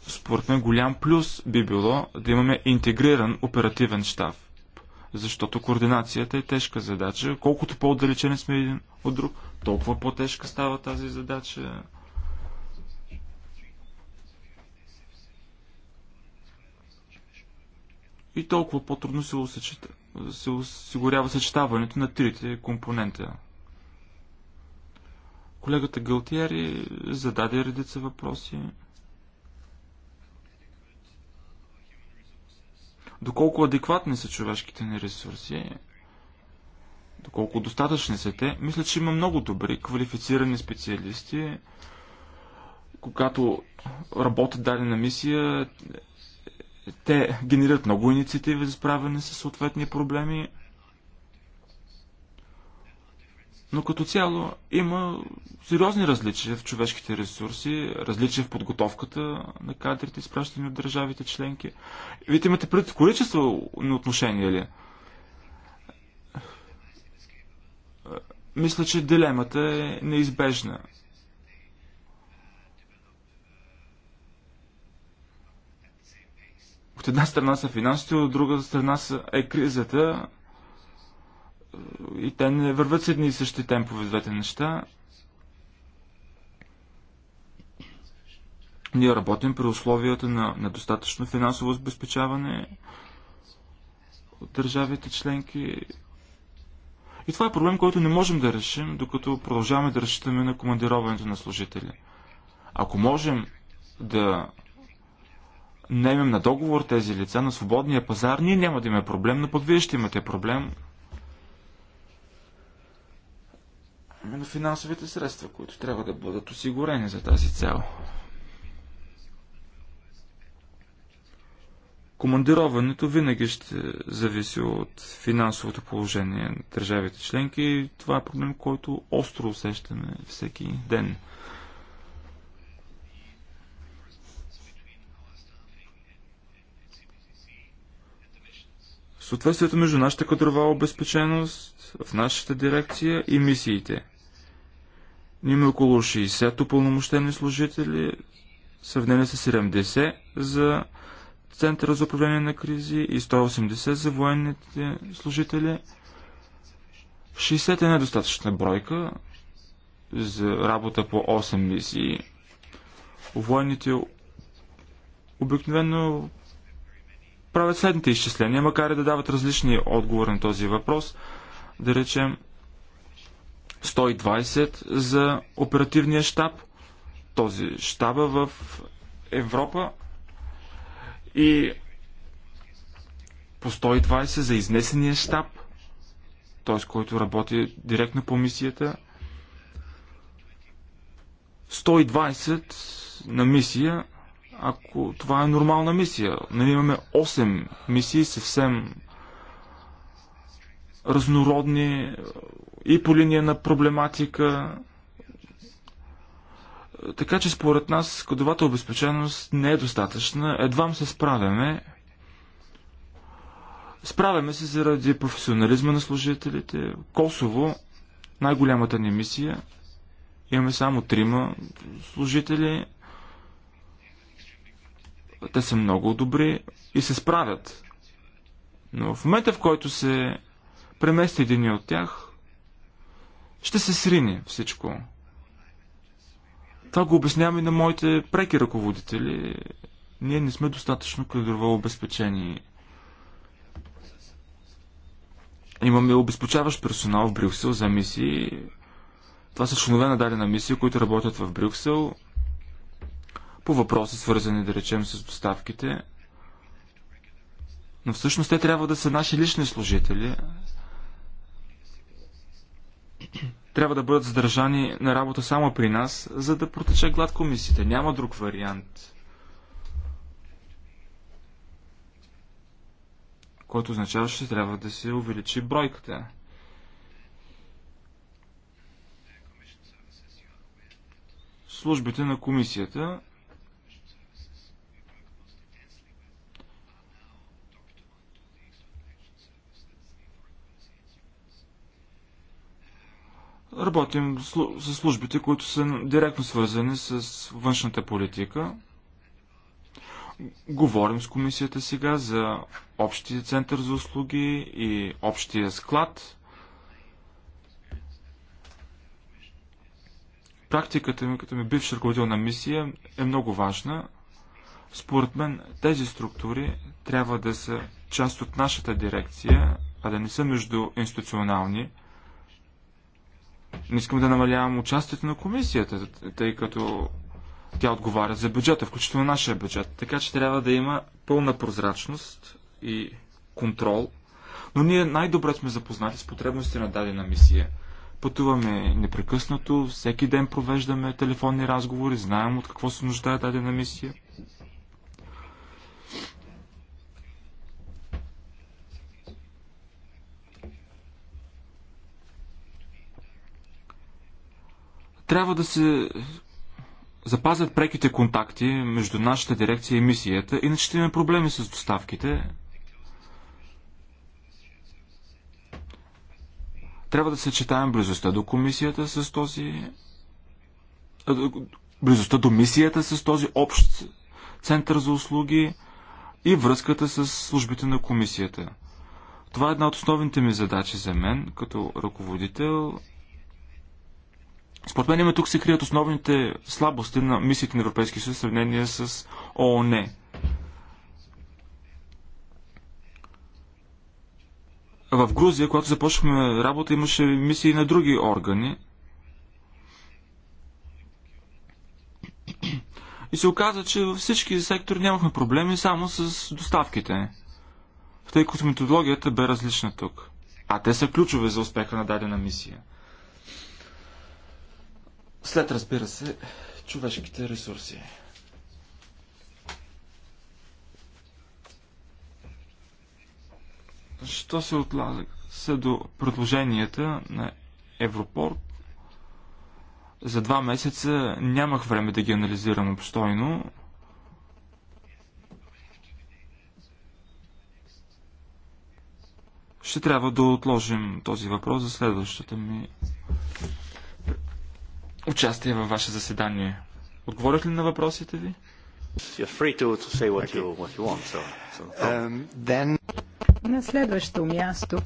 Според мен голям плюс би било да имаме интегриран оперативен штаб, защото координацията е тежка задача. Колкото по-отдалечени сме един от друг, толкова по-тежка става тази задача. и толкова по-трудно се, усечета, се осигурява съчетаването на трите компонента. Колегата Галтиери зададе редица въпроси. Доколко адекватни са човешките ни ресурси, доколко достатъчни са те, мисля, че има много добри, квалифицирани специалисти. Когато работят дадена мисия, те генерират много инициативи за справяне с съответни проблеми, но като цяло има сериозни различия в човешките ресурси, различия в подготовката на кадрите, изпращани от държавите членки. Вие имате пред количество на отношения ли? Мисля, че дилемата е неизбежна. От една страна са финансите, от друга страна е кризата. И те не върват с едни и същи темпове двете неща. Ние работим при условията на недостатъчно финансово обезпечаване от държавите членки. И това е проблем, който не можем да решим, докато продължаваме да разчитаме на командироването на служители. Ако можем да наемем на договор тези лица на свободния пазар, ние няма да имаме проблем, но пък вие ще имате проблем на финансовите средства, които трябва да бъдат осигурени за тази цел. Командироването винаги ще зависи от финансовото положение на държавите членки. и Това е проблем, който остро усещаме всеки ден. съответствието между нашата кадрова обезпеченост в нашата дирекция и мисиите. Има около 60 упълномощени служители, сравнени с 70 за Центъра за управление на кризи и 180 за военните служители. 60 е недостатъчна бройка за работа по 8 мисии. Военните обикновено правят следните изчисления, макар и да дават различни отговори на този въпрос. Да речем 120 за оперативния штаб, този щаба в Европа и по 120 за изнесения щаб, т.е. който работи директно по мисията. 120 на мисия ако това е нормална мисия. Нали имаме 8 мисии съвсем разнородни и по линия на проблематика. Така че според нас кодовата обезпеченост не е достатъчна. Едвам се справяме. Справяме се заради професионализма на служителите. Косово, най-голямата ни мисия, имаме само трима служители – те са много добри и се справят. Но в момента, в който се премести един от тях, ще се срине всичко. Това го обяснявам и на моите преки ръководители. Ние не сме достатъчно кадрово обезпечени. Имаме обезпечаващ персонал в Брюксел за мисии. Това са членове на дадена мисия, които работят в Брюксел по въпроси, свързани, да речем, с доставките. Но всъщност те трябва да са наши лични служители. Трябва да бъдат задържани на работа само при нас, за да протече глад комисията. Няма друг вариант. Който означава, че трябва да се увеличи бройката. службите на комисията Работим с службите, които са директно свързани с външната политика. Говорим с комисията сега за общия център за услуги и общия склад. Практиката ми като ми бивш ръководител на мисия е много важна. Според мен тези структури трябва да са част от нашата дирекция, а да не са между институционални. Не искам да намалявам участието на комисията, тъй като тя отговаря за бюджета, включително нашия бюджет. Така че трябва да има пълна прозрачност и контрол. Но ние най-добре сме запознати с потребностите на дадена мисия. Пътуваме непрекъснато, всеки ден провеждаме телефонни разговори, знаем от какво се нуждае дадена мисия. Трябва да се запазят преките контакти между нашата дирекция и мисията, иначе ще имаме проблеми с доставките. Трябва да съчетаем близостта до комисията с този... близостта до мисията с този общ център за услуги и връзката с службите на комисията. Това е една от основните ми задачи за мен, като ръководител според мен има тук се крият основните слабости на мисиите на Европейския съюз в сравнение с ООН. В Грузия, когато започнахме работа, имаше мисии на други органи. И се оказа, че във всички сектори нямахме проблеми само с доставките. Тъй като методологията бе различна тук. А те са ключове за успеха на дадена мисия. След, разбира се, човешките ресурси. Що се отлага до предложенията на Европорт, за два месеца нямах време да ги анализирам обстойно. Ще трябва да отложим този въпрос за следващата ми участие във ваше заседание. Отговорих ли на въпросите ви? На следващо място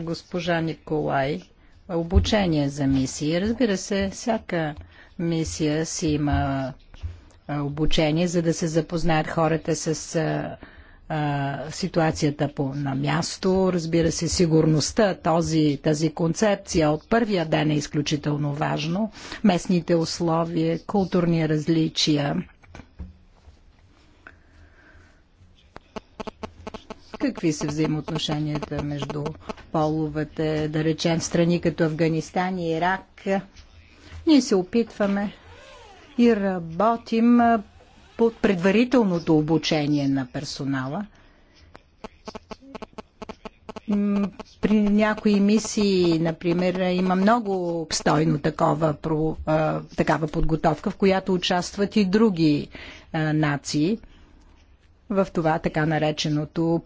госпожа Николай обучение за мисии. Разбира се, всяка мисия си има обучение, за да се запознаят хората с ситуацията по, на място. Разбира се, сигурността, този, тази концепция от първия ден е изключително важно. Местните условия, културни различия. Какви са взаимоотношенията между половете, да речем, страни като Афганистан и Ирак? Ние се опитваме и работим под предварителното обучение на персонала. При някои мисии, например, има много обстойно такова, про, а, такава подготовка, в която участват и други а, нации в това така нареченото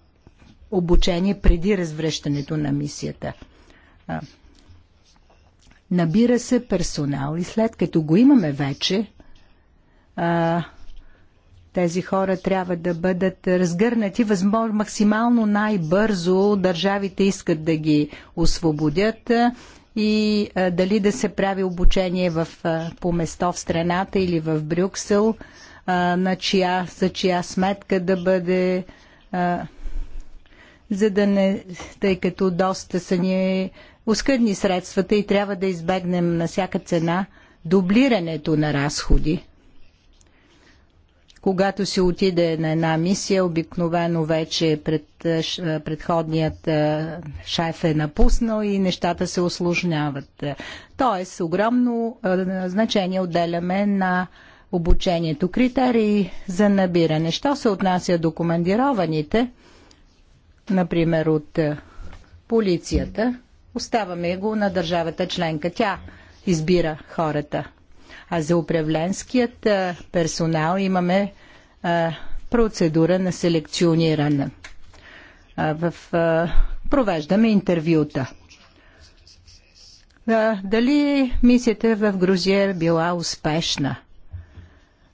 обучение преди развръщането на мисията. А, набира се персонал и след като го имаме вече, а, тези хора трябва да бъдат разгърнати възможно максимално най-бързо. Държавите искат да ги освободят и а, дали да се прави обучение в, а, по место в страната или в Брюксел, а, на чия, за чия сметка да бъде, а, за да не, тъй като доста са ни оскъдни средствата и трябва да избегнем на всяка цена дублирането на разходи. Когато се отиде на една мисия, обикновено вече пред, предходният шеф е напуснал и нещата се осложняват. Тоест, огромно значение отделяме на обучението. Критерии за набиране. Що се отнася до командированите, например от полицията, оставаме го на държавата членка. Тя избира хората. А за управленският персонал имаме процедура на селекциониране. В, провеждаме интервюта. Дали мисията в Грузия е била успешна?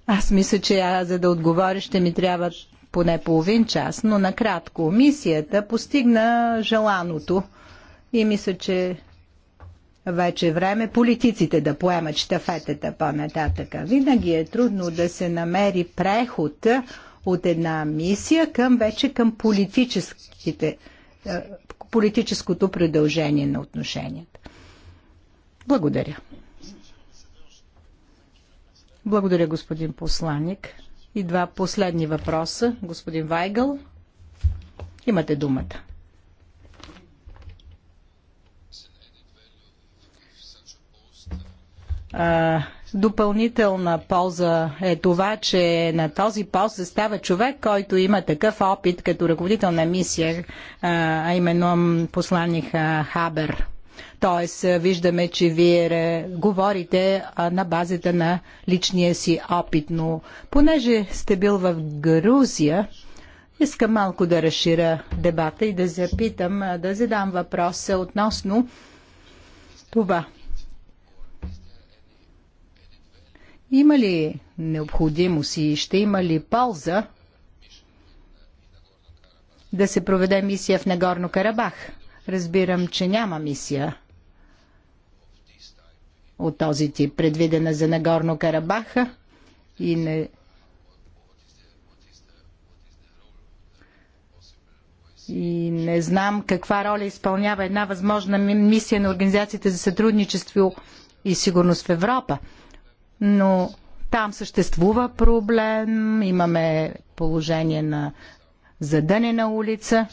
Аз мисля, че я, за да отговоря ще ми трябва поне половин час, но накратко. Мисията постигна желаното и мисля, че вече е време политиците да поемат штафетата по-нататъка. Винаги е трудно да се намери преход от една мисия към вече към политическите, е, политическото продължение на отношенията. Благодаря. Благодаря, господин посланник. И два последни въпроса. Господин Вайгъл, имате думата. допълнителна полза е това, че на този пост става човек, който има такъв опит като ръководител на мисия, а именно посланник Хабер. Тоест, виждаме, че вие говорите на базата на личния си опит, но понеже сте бил в Грузия, искам малко да разширя дебата и да запитам, да задам въпроса относно това. Има ли необходимост и ще има ли полза да се проведе мисия в Нагорно Карабах? Разбирам, че няма мисия от този тип, предвидена за Нагорно Карабаха и не... И не знам каква роля изпълнява една възможна мисия на Организацията за сътрудничество и сигурност в Европа но там съществува проблем, имаме положение на задънена улица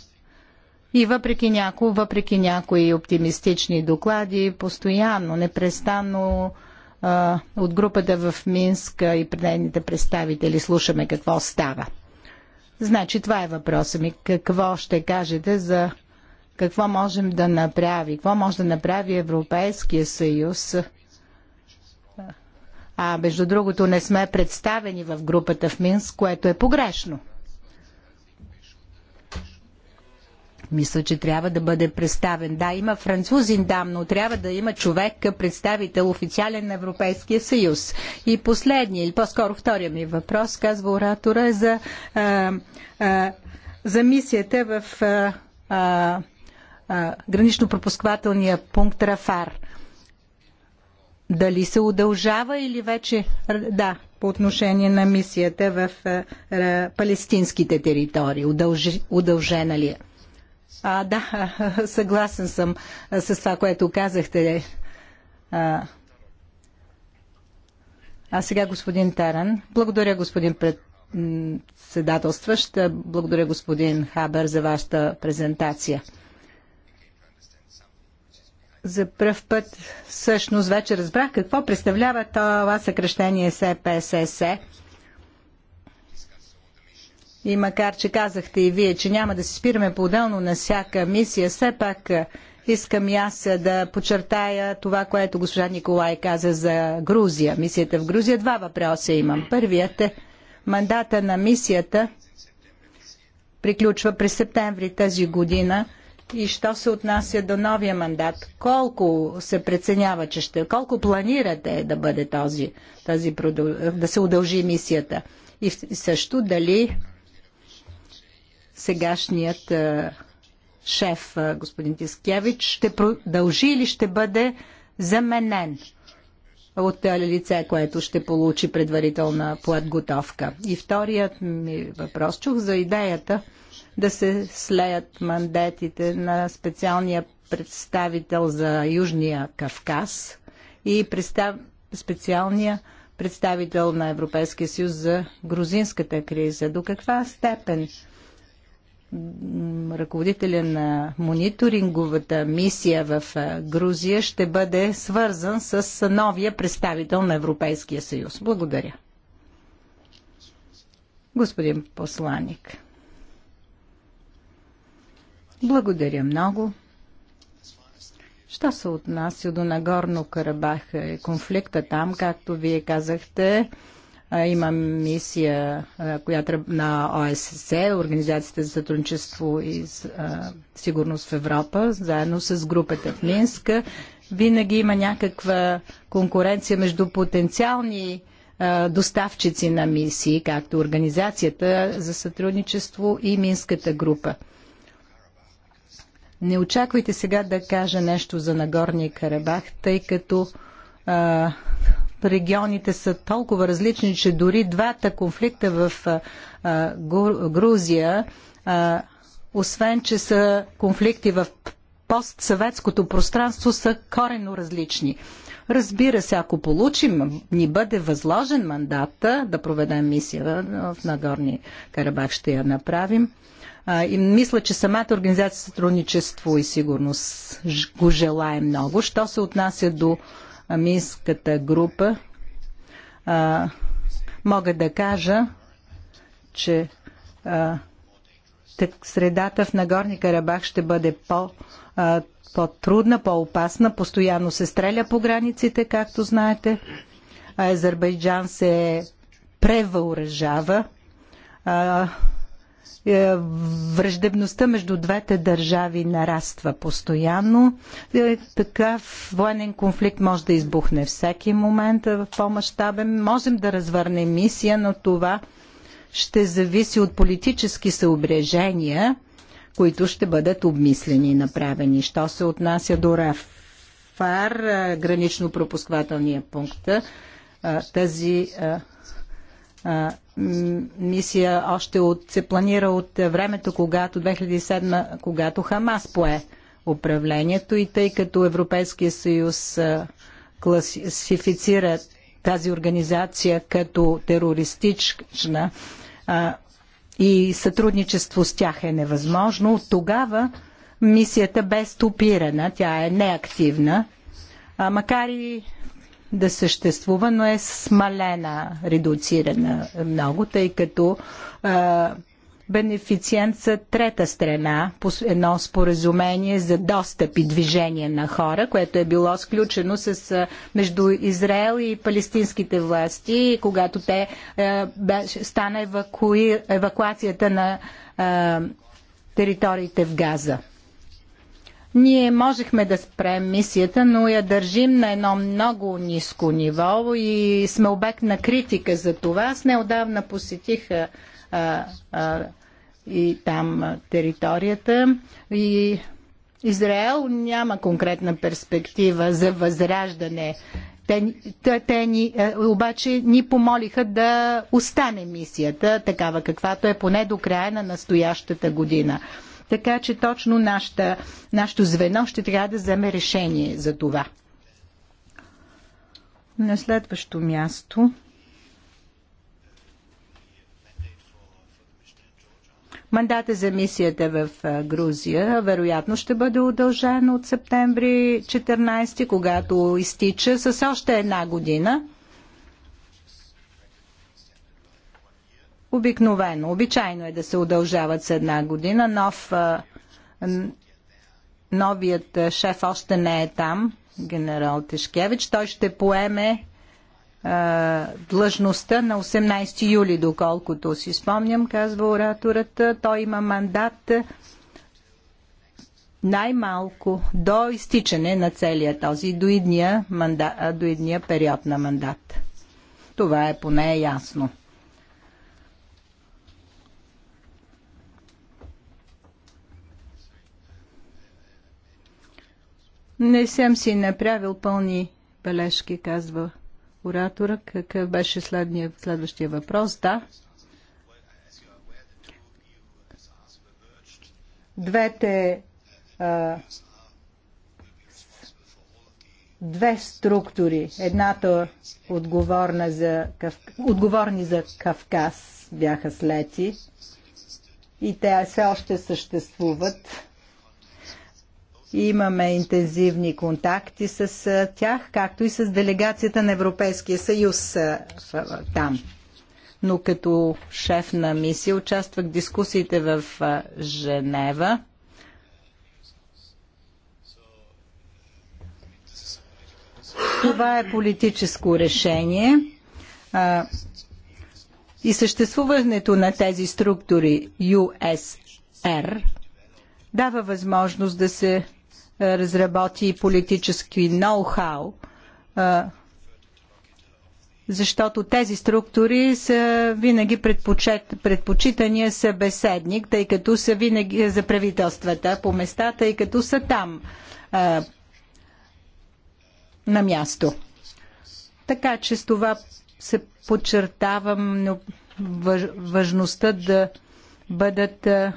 и въпреки, някои, въпреки някои оптимистични доклади, постоянно, непрестанно а, от групата в Минск и предните представители слушаме какво става. Значи това е въпросът ми. Какво ще кажете за какво можем да направи? Какво може да направи Европейския съюз а между другото не сме представени в групата в Минск, което е погрешно. Мисля, че трябва да бъде представен. Да, има французин, дам, но трябва да има човек, представител, официален на Европейския съюз. И последния, или по-скоро втория ми въпрос, казва оратора, е за, а, а, за мисията в а, а, гранично пропусквателния пункт Рафар дали се удължава или вече да, по отношение на мисията в е, палестинските територии. Удължи, удължена ли е? А, да, съгласен съм с това, което казахте. А, а сега господин Таран. Благодаря, господин председателстващ. Благодаря, господин Хабер, за вашата презентация за пръв път всъщност вече разбрах какво представлява това съкрещение СПСС. И макар, че казахте и вие, че няма да се спираме по-отделно на всяка мисия, все пак искам и аз да подчертая това, което госпожа Николай каза за Грузия. Мисията в Грузия. Два въпроса имам. Първият е мандата на мисията приключва през септември тази година и що се отнася до новия мандат? Колко се преценява, че ще... Колко планирате да бъде този, тази, да се удължи мисията? И също дали сегашният е, шеф, е, господин Тискевич, ще продължи или ще бъде заменен от е, лице, което ще получи предварителна подготовка. И вторият ми въпрос чух за идеята да се слеят мандетите на специалния представител за Южния Кавказ и представ... специалния представител на Европейския съюз за грузинската криза. До каква степен ръководителя на мониторинговата мисия в Грузия ще бъде свързан с новия представител на Европейския съюз? Благодаря. Господин посланик. Благодаря много. Що се отнася до Нагорно Карабах? Е конфликта там, както вие казахте, има мисия която, е на ОССЕ, Организацията за сътрудничество и сигурност в Европа, заедно с групата в Минска, Винаги има някаква конкуренция между потенциални доставчици на мисии, както Организацията за сътрудничество и Минската група. Не очаквайте сега да кажа нещо за Нагорния Карабах, тъй като а, регионите са толкова различни, че дори двата конфликта в а, Грузия, а, освен че са конфликти в постсъветското пространство, са корено различни. Разбира се, ако получим, ни бъде възложен мандата да проведем мисия в Нагорния Карабах, ще я направим и мисля, че самата организация сътрудничество и сигурност го желая много. Що се отнася до аминската група, мога да кажа, че средата в Нагорни Карабах ще бъде по, по-трудна, по-опасна. Постоянно се стреля по границите, както знаете. Азербайджан се превъоръжава. Е, враждебността между двете държави нараства постоянно. Е, Такъв военен конфликт може да избухне всеки момент е, в по-масштабен. Можем да развърнем мисия, но това ще зависи от политически съображения, които ще бъдат обмислени и направени. Що се отнася до РАФАР, гранично пропусквателния пункт, тази мисия още от, се планира от времето, когато 2007, когато Хамас пое управлението и тъй като Европейския съюз класифицира тази организация като терористична а, и сътрудничество с тях е невъзможно, тогава мисията бе стопирана, тя е неактивна, а макар и да съществува, но е смалена, редуцирана много, тъй като а, бенефициент са трета страна по едно споразумение за достъп и движение на хора, което е било сключено с, между Израел и палестинските власти, когато те е, стана евакуи, евакуацията на е, териториите в Газа. Ние можехме да спрем мисията, но я държим на едно много ниско ниво и сме обект на критика за това. Аз неодавна посетиха а, а, и там територията и Израел няма конкретна перспектива за възраждане. Те, те, те ни, обаче ни помолиха да остане мисията такава каквато е поне до края на настоящата година. Така че точно нашата, нашото звено ще трябва да вземе решение за това. На следващо място Мандата за мисията в Грузия вероятно ще бъде удължен от септември 14, когато изтича с още една година. обикновено, обичайно е да се удължават с една година. Нов, новият шеф още не е там, генерал Тишкевич. Той ще поеме длъжността на 18 юли, доколкото си спомням, казва ораторът. Той има мандат най-малко до изтичане на целия този доидния, манда, доидния период на мандат. Това е поне ясно. Не съм си направил пълни бележки, казва оратора. Какъв беше следния, следващия въпрос? Да. Двете а, две структури. Едната отговорна за, отговорни за Кавказ бяха слети и те все още съществуват Имаме интензивни контакти с тях, както и с делегацията на Европейския съюз там. Но като шеф на мисия участвах в дискусиите в Женева. Това е политическо решение. И съществуването на тези структури USR дава възможност да се разработи политически ноу-хау, защото тези структури са винаги предпочитания събеседник, тъй като са винаги за правителствата по места, тъй като са там а, на място. Така че с това се подчертавам важността да бъдат а,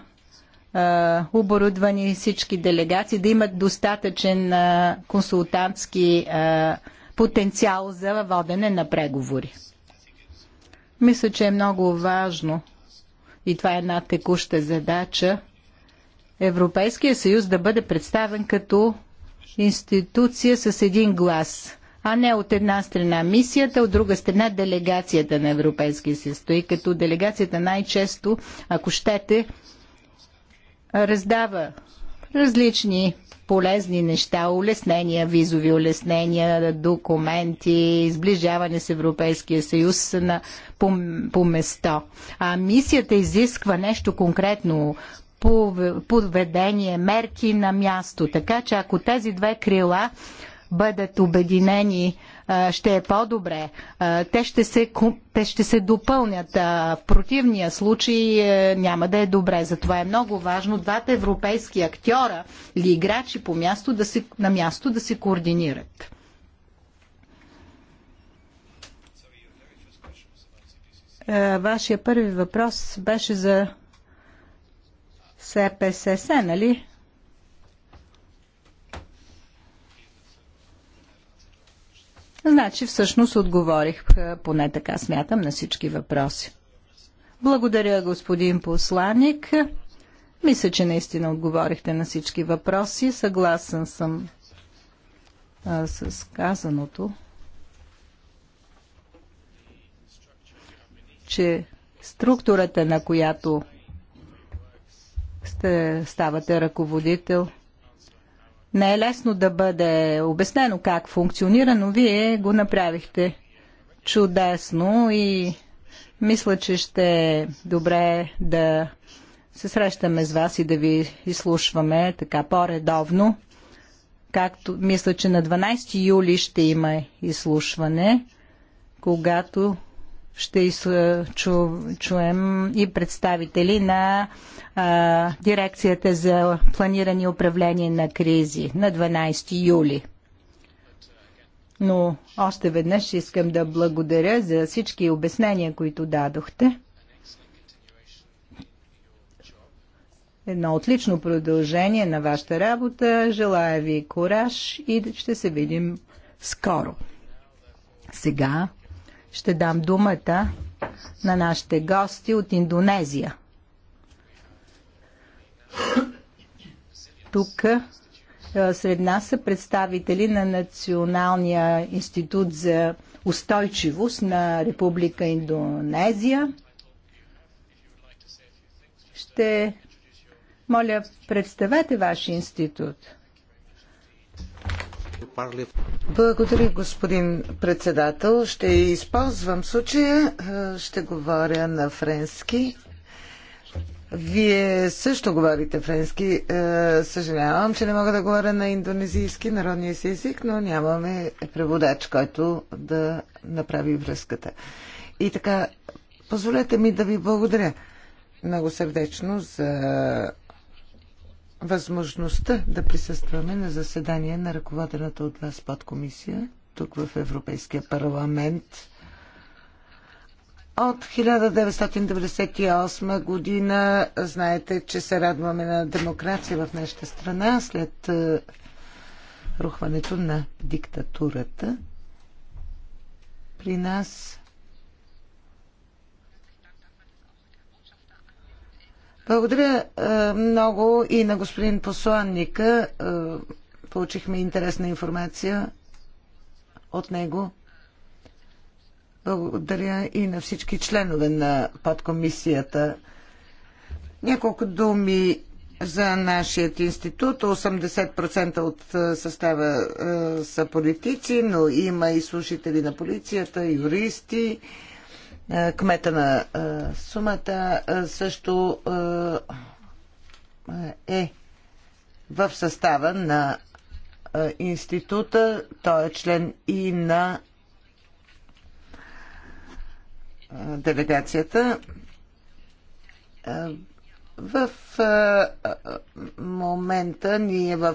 оборудвани всички делегации, да имат достатъчен консултантски потенциал за водене на преговори. Мисля, че е много важно и това е една текуща задача Европейския съюз да бъде представен като институция с един глас, а не от една страна мисията, от друга страна делегацията на Европейския съюз. И като делегацията най-често, ако щете, раздава различни полезни неща, улеснения, визови улеснения, документи, изближаване с Европейския съюз на, по, по место. А мисията изисква нещо конкретно, поведение, мерки на място. Така че ако тези две крила бъдат обединени, ще е по-добре. Те, ще се, те ще се допълнят. В противния случай няма да е добре. Затова е много важно двата европейски актьора или играчи по място да се, на място да се координират. Вашия първи въпрос беше за СПСС, нали? Значи всъщност отговорих, поне така смятам, на всички въпроси. Благодаря, господин посланник. Мисля, че наистина отговорихте на всички въпроси. Съгласен съм а, с казаното, че структурата, на която сте, ставате ръководител – не е лесно да бъде обяснено как функционира, но вие го направихте чудесно и мисля, че ще е добре да се срещаме с вас и да ви изслушваме така по-редовно. Както мисля, че на 12 юли ще има изслушване, когато ще изчу, чуем и представители на а, Дирекцията за планиране и управление на кризи на 12 юли. Но още веднъж искам да благодаря за всички обяснения, които дадохте. Едно отлично продължение на вашата работа. Желая ви кораж и ще се видим скоро. Сега ще дам думата на нашите гости от Индонезия. Тук е, сред нас са представители на Националния институт за устойчивост на Република Индонезия. Ще моля, представете вашия институт. Благодаря, господин председател. Ще използвам случая. Ще говоря на френски. Вие също говорите френски. Съжалявам, че не мога да говоря на индонезийски народния си език, но нямаме преводач, който да направи връзката. И така, позволете ми да ви благодаря много сърдечно за възможността да присъстваме на заседание на ръководената от вас подкомисия тук в Европейския парламент. От 1998 година знаете, че се радваме на демокрация в нашата страна след е, рухването на диктатурата. При нас Благодаря е, много и на господин посланника. Е, получихме интересна информация от него. Благодаря и на всички членове на подкомисията. Няколко думи за нашият институт. 80% от е, състава са политици, но има и служители на полицията, юристи е, кмета на е, сумата е, също е в състава на института. Той е член и на делегацията. В момента ние в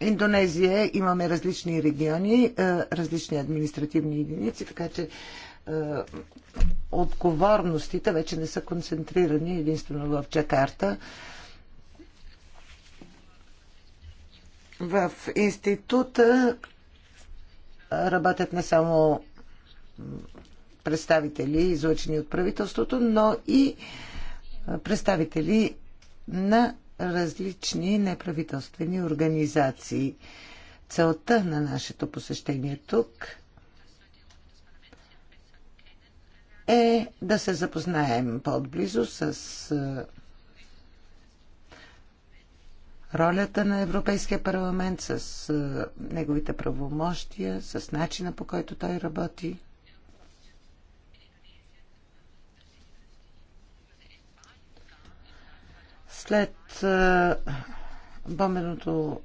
Индонезия имаме различни региони, различни административни единици, така че е, отговорностите вече не са концентрирани единствено в Джакарта. В института работят не само представители, излъчени от правителството, но и е, представители на различни неправителствени организации. Целта на нашето посещение тук – е да се запознаем по-отблизо с е, ролята на Европейския парламент, с е, неговите правомощия, с начина по който той работи. След е, бомбеното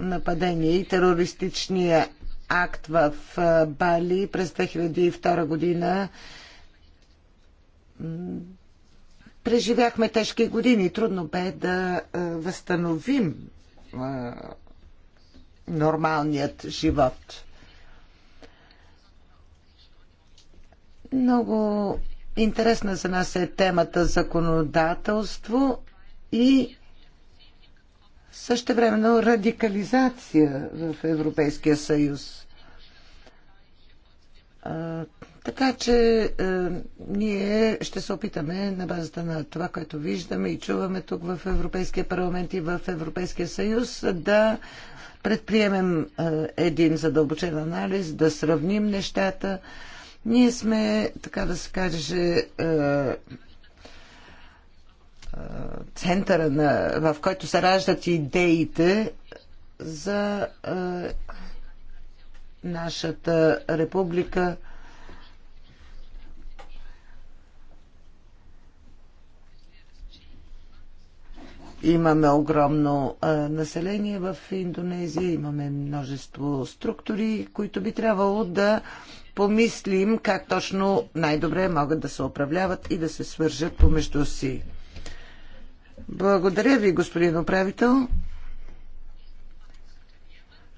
нападение и терористичния акт в Бали през 2002 година преживяхме тежки години. Трудно бе да е, възстановим е, нормалният живот. Много интересна за нас е темата законодателство и същевременно радикализация в Европейския съюз е, така че е, ние ще се опитаме на базата на това, което виждаме и чуваме тук в Европейския парламент и в Европейския съюз, да предприемем е, един задълбочен анализ, да сравним нещата. Ние сме, така да се каже, е, е центъра, на, в който се раждат идеите за е, нашата република – Имаме огромно а, население в Индонезия, имаме множество структури, които би трябвало да помислим как точно най-добре могат да се управляват и да се свържат помежду си. Благодаря ви, господин управител.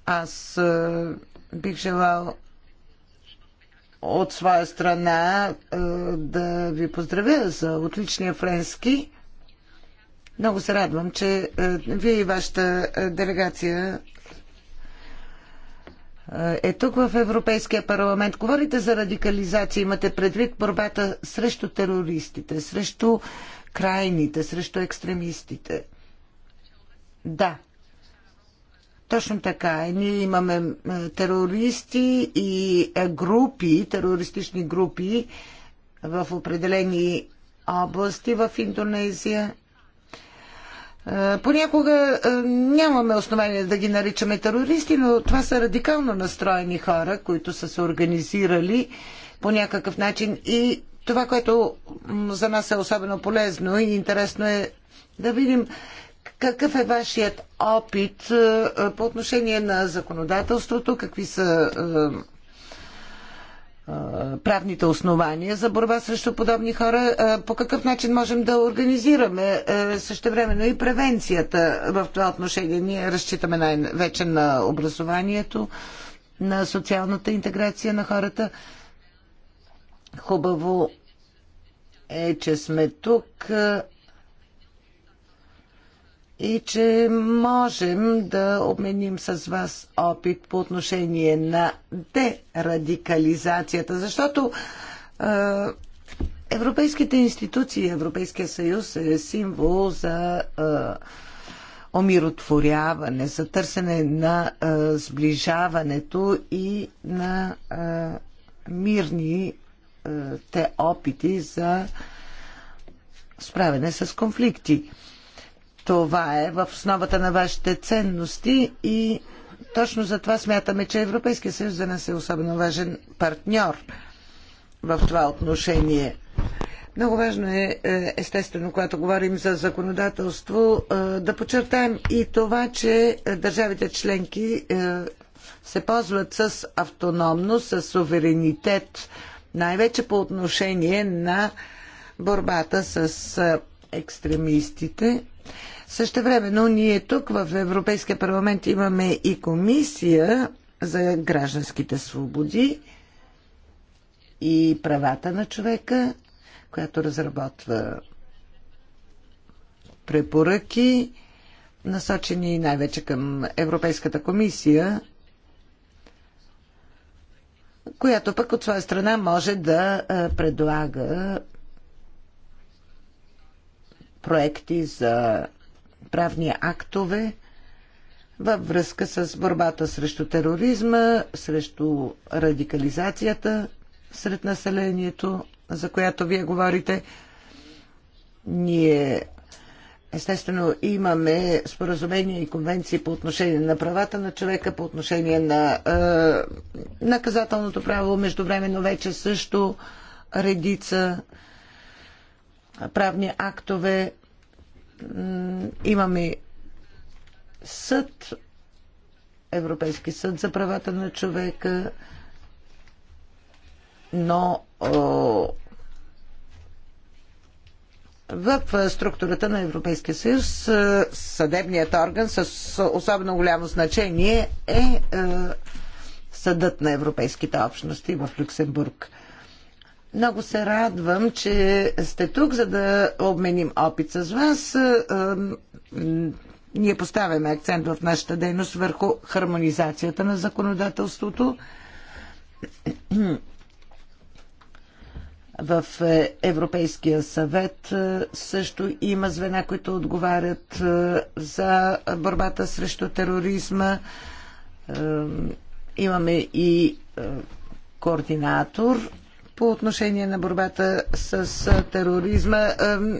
Аз а, бих желал от своя страна да ви поздравя за отличния френски. Много се радвам, че е, вие и вашата е, делегация е, е тук в Европейския парламент. Говорите за радикализация, имате предвид борбата срещу терористите, срещу крайните, срещу екстремистите. Да, точно така. Ние имаме терористи и групи, терористични групи в определени области в Индонезия. Е, понякога е, нямаме основание да ги наричаме терористи, но това са радикално настроени хора, които са се организирали по някакъв начин. И това, което за нас е особено полезно и интересно е да видим какъв е вашият опит е, по отношение на законодателството, какви са правните основания за борба срещу подобни хора, по какъв начин можем да организираме същевременно и превенцията в това отношение. Ние разчитаме най-вече на образованието, на социалната интеграция на хората. Хубаво е, че сме тук и че можем да обменим с вас опит по отношение на дерадикализацията, защото е, европейските институции, Европейския съюз е символ за е, омиротворяване, за търсене на е, сближаването и на е, мирни е, те опити за справяне с конфликти. Това е в основата на вашите ценности и точно за това смятаме, че Европейския съюз за нас е особено важен партньор в това отношение. Много важно е, е естествено, когато говорим за законодателство, е, да подчертаем и това, че държавите членки е, се ползват с автономност, с суверенитет, най-вече по отношение на борбата с екстремистите. Също време, но ние тук в Европейския парламент имаме и комисия за гражданските свободи и правата на човека, която разработва препоръки, насочени най-вече към Европейската комисия, която пък от своя страна може да предлага проекти за правни актове във връзка с борбата срещу тероризма, срещу радикализацията сред населението, за която вие говорите. Ние Естествено, имаме споразумения и конвенции по отношение на правата на човека, по отношение на е, наказателното право, междувременно вече също редица правни актове Имаме съд, Европейски съд за правата на човека, но в структурата на Европейския съюз е, съдебният орган с особено голямо значение е, е съдът на европейските общности в Люксембург. Много се радвам, че сте тук, за да обменим опит с вас. Е, е, ние поставяме акцент в нашата дейност върху хармонизацията на законодателството в е, Европейския съвет също има звена, които отговарят за борбата срещу тероризма. Имаме и координатор по отношение на борбата с тероризма.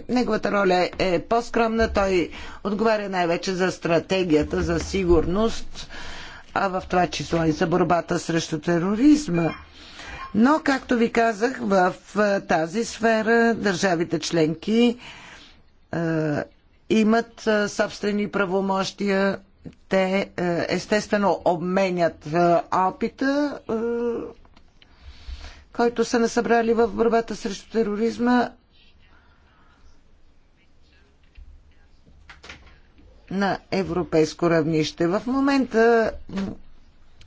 Неговата роля е по-скромна. Той отговаря най-вече за стратегията за сигурност, а в това число и за борбата срещу тероризма. Но, както ви казах, в тази сфера държавите членки е, имат собствени правомощия. Те е, естествено обменят опита. Е, който са насъбрали в борбата срещу тероризма, на европейско равнище. В момента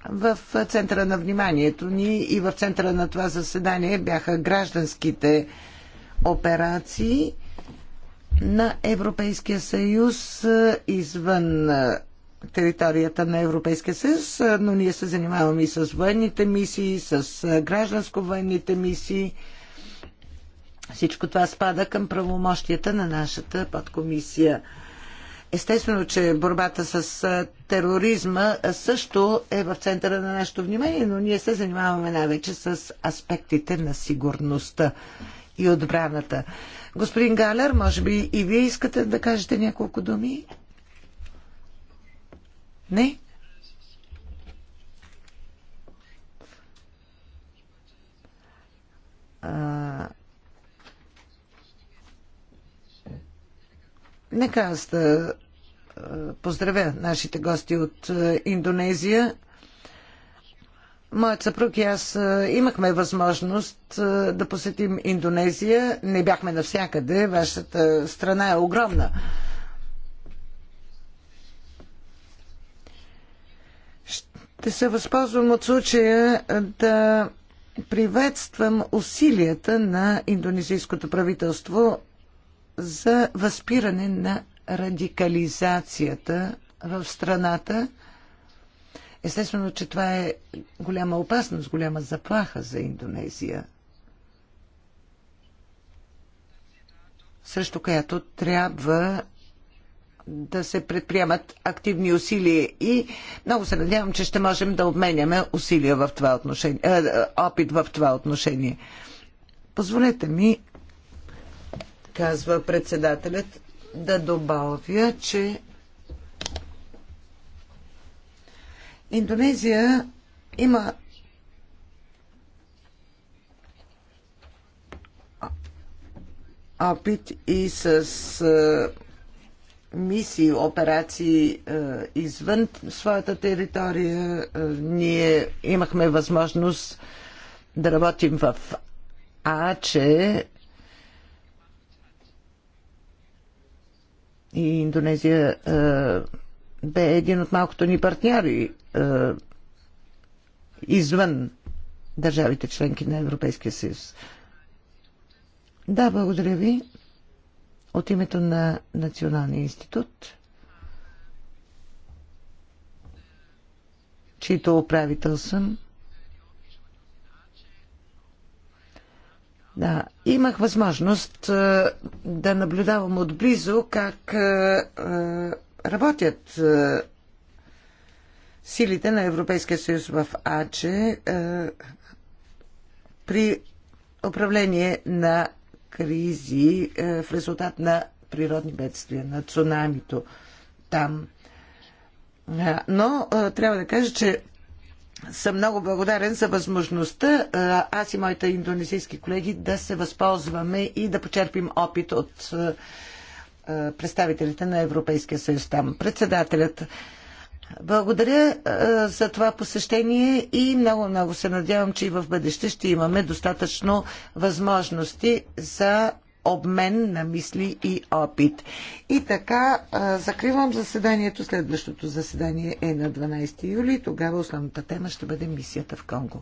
в центъра на вниманието ни и в центъра на това заседание бяха гражданските операции на Европейския съюз извън територията на Европейския съюз, но ние се занимаваме и с военните мисии, с гражданско-военните мисии. Всичко това спада към правомощията на нашата подкомисия. Естествено, че борбата с тероризма също е в центъра на нашето внимание, но ние се занимаваме най-вече с аспектите на сигурността и отбраната. Господин Галер, може би и вие искате да кажете няколко думи? Не? А... Нека аз да поздравя нашите гости от Индонезия. Моят съпруг и аз имахме възможност да посетим Индонезия. Не бяхме навсякъде. Вашата страна е огромна. Ще се възползвам от случая да приветствам усилията на индонезийското правителство за възпиране на радикализацията в страната. Естествено, че това е голяма опасност, голяма заплаха за Индонезия, срещу която трябва да се предприемат активни усилия и много се надявам, че ще можем да обменяме усилия в това отношение, е, е опит в това отношение. Позволете ми, казва председателят, да добавя, че Индонезия има опит и с е, мисии, операции е, извън своята територия. Е, ние имахме възможност да работим в Аче и Индонезия е, бе един от малкото ни партньори извън държавите членки на Европейския съюз. Да, благодаря ви. От името на Националния институт, чийто управител съм, Да, имах възможност а, да наблюдавам отблизо как а, а, работят а, силите на Европейския съюз в АЧЕ а, при управление на кризи е, в резултат на природни бедствия, на цунамито там. Е, но е, трябва да кажа, че съм много благодарен за възможността аз и моите индонезийски колеги да се възползваме и да почерпим опит от представителите на Европейския съюз там. Председателят благодаря а, е, за това посещение и много-много се надявам, че и в бъдеще ще имаме достатъчно възможности за обмен на мисли и опит. И така, а, е, закривам заседанието. Следващото заседание е на 12 юли. Тогава основната тема ще бъде мисията в Конго.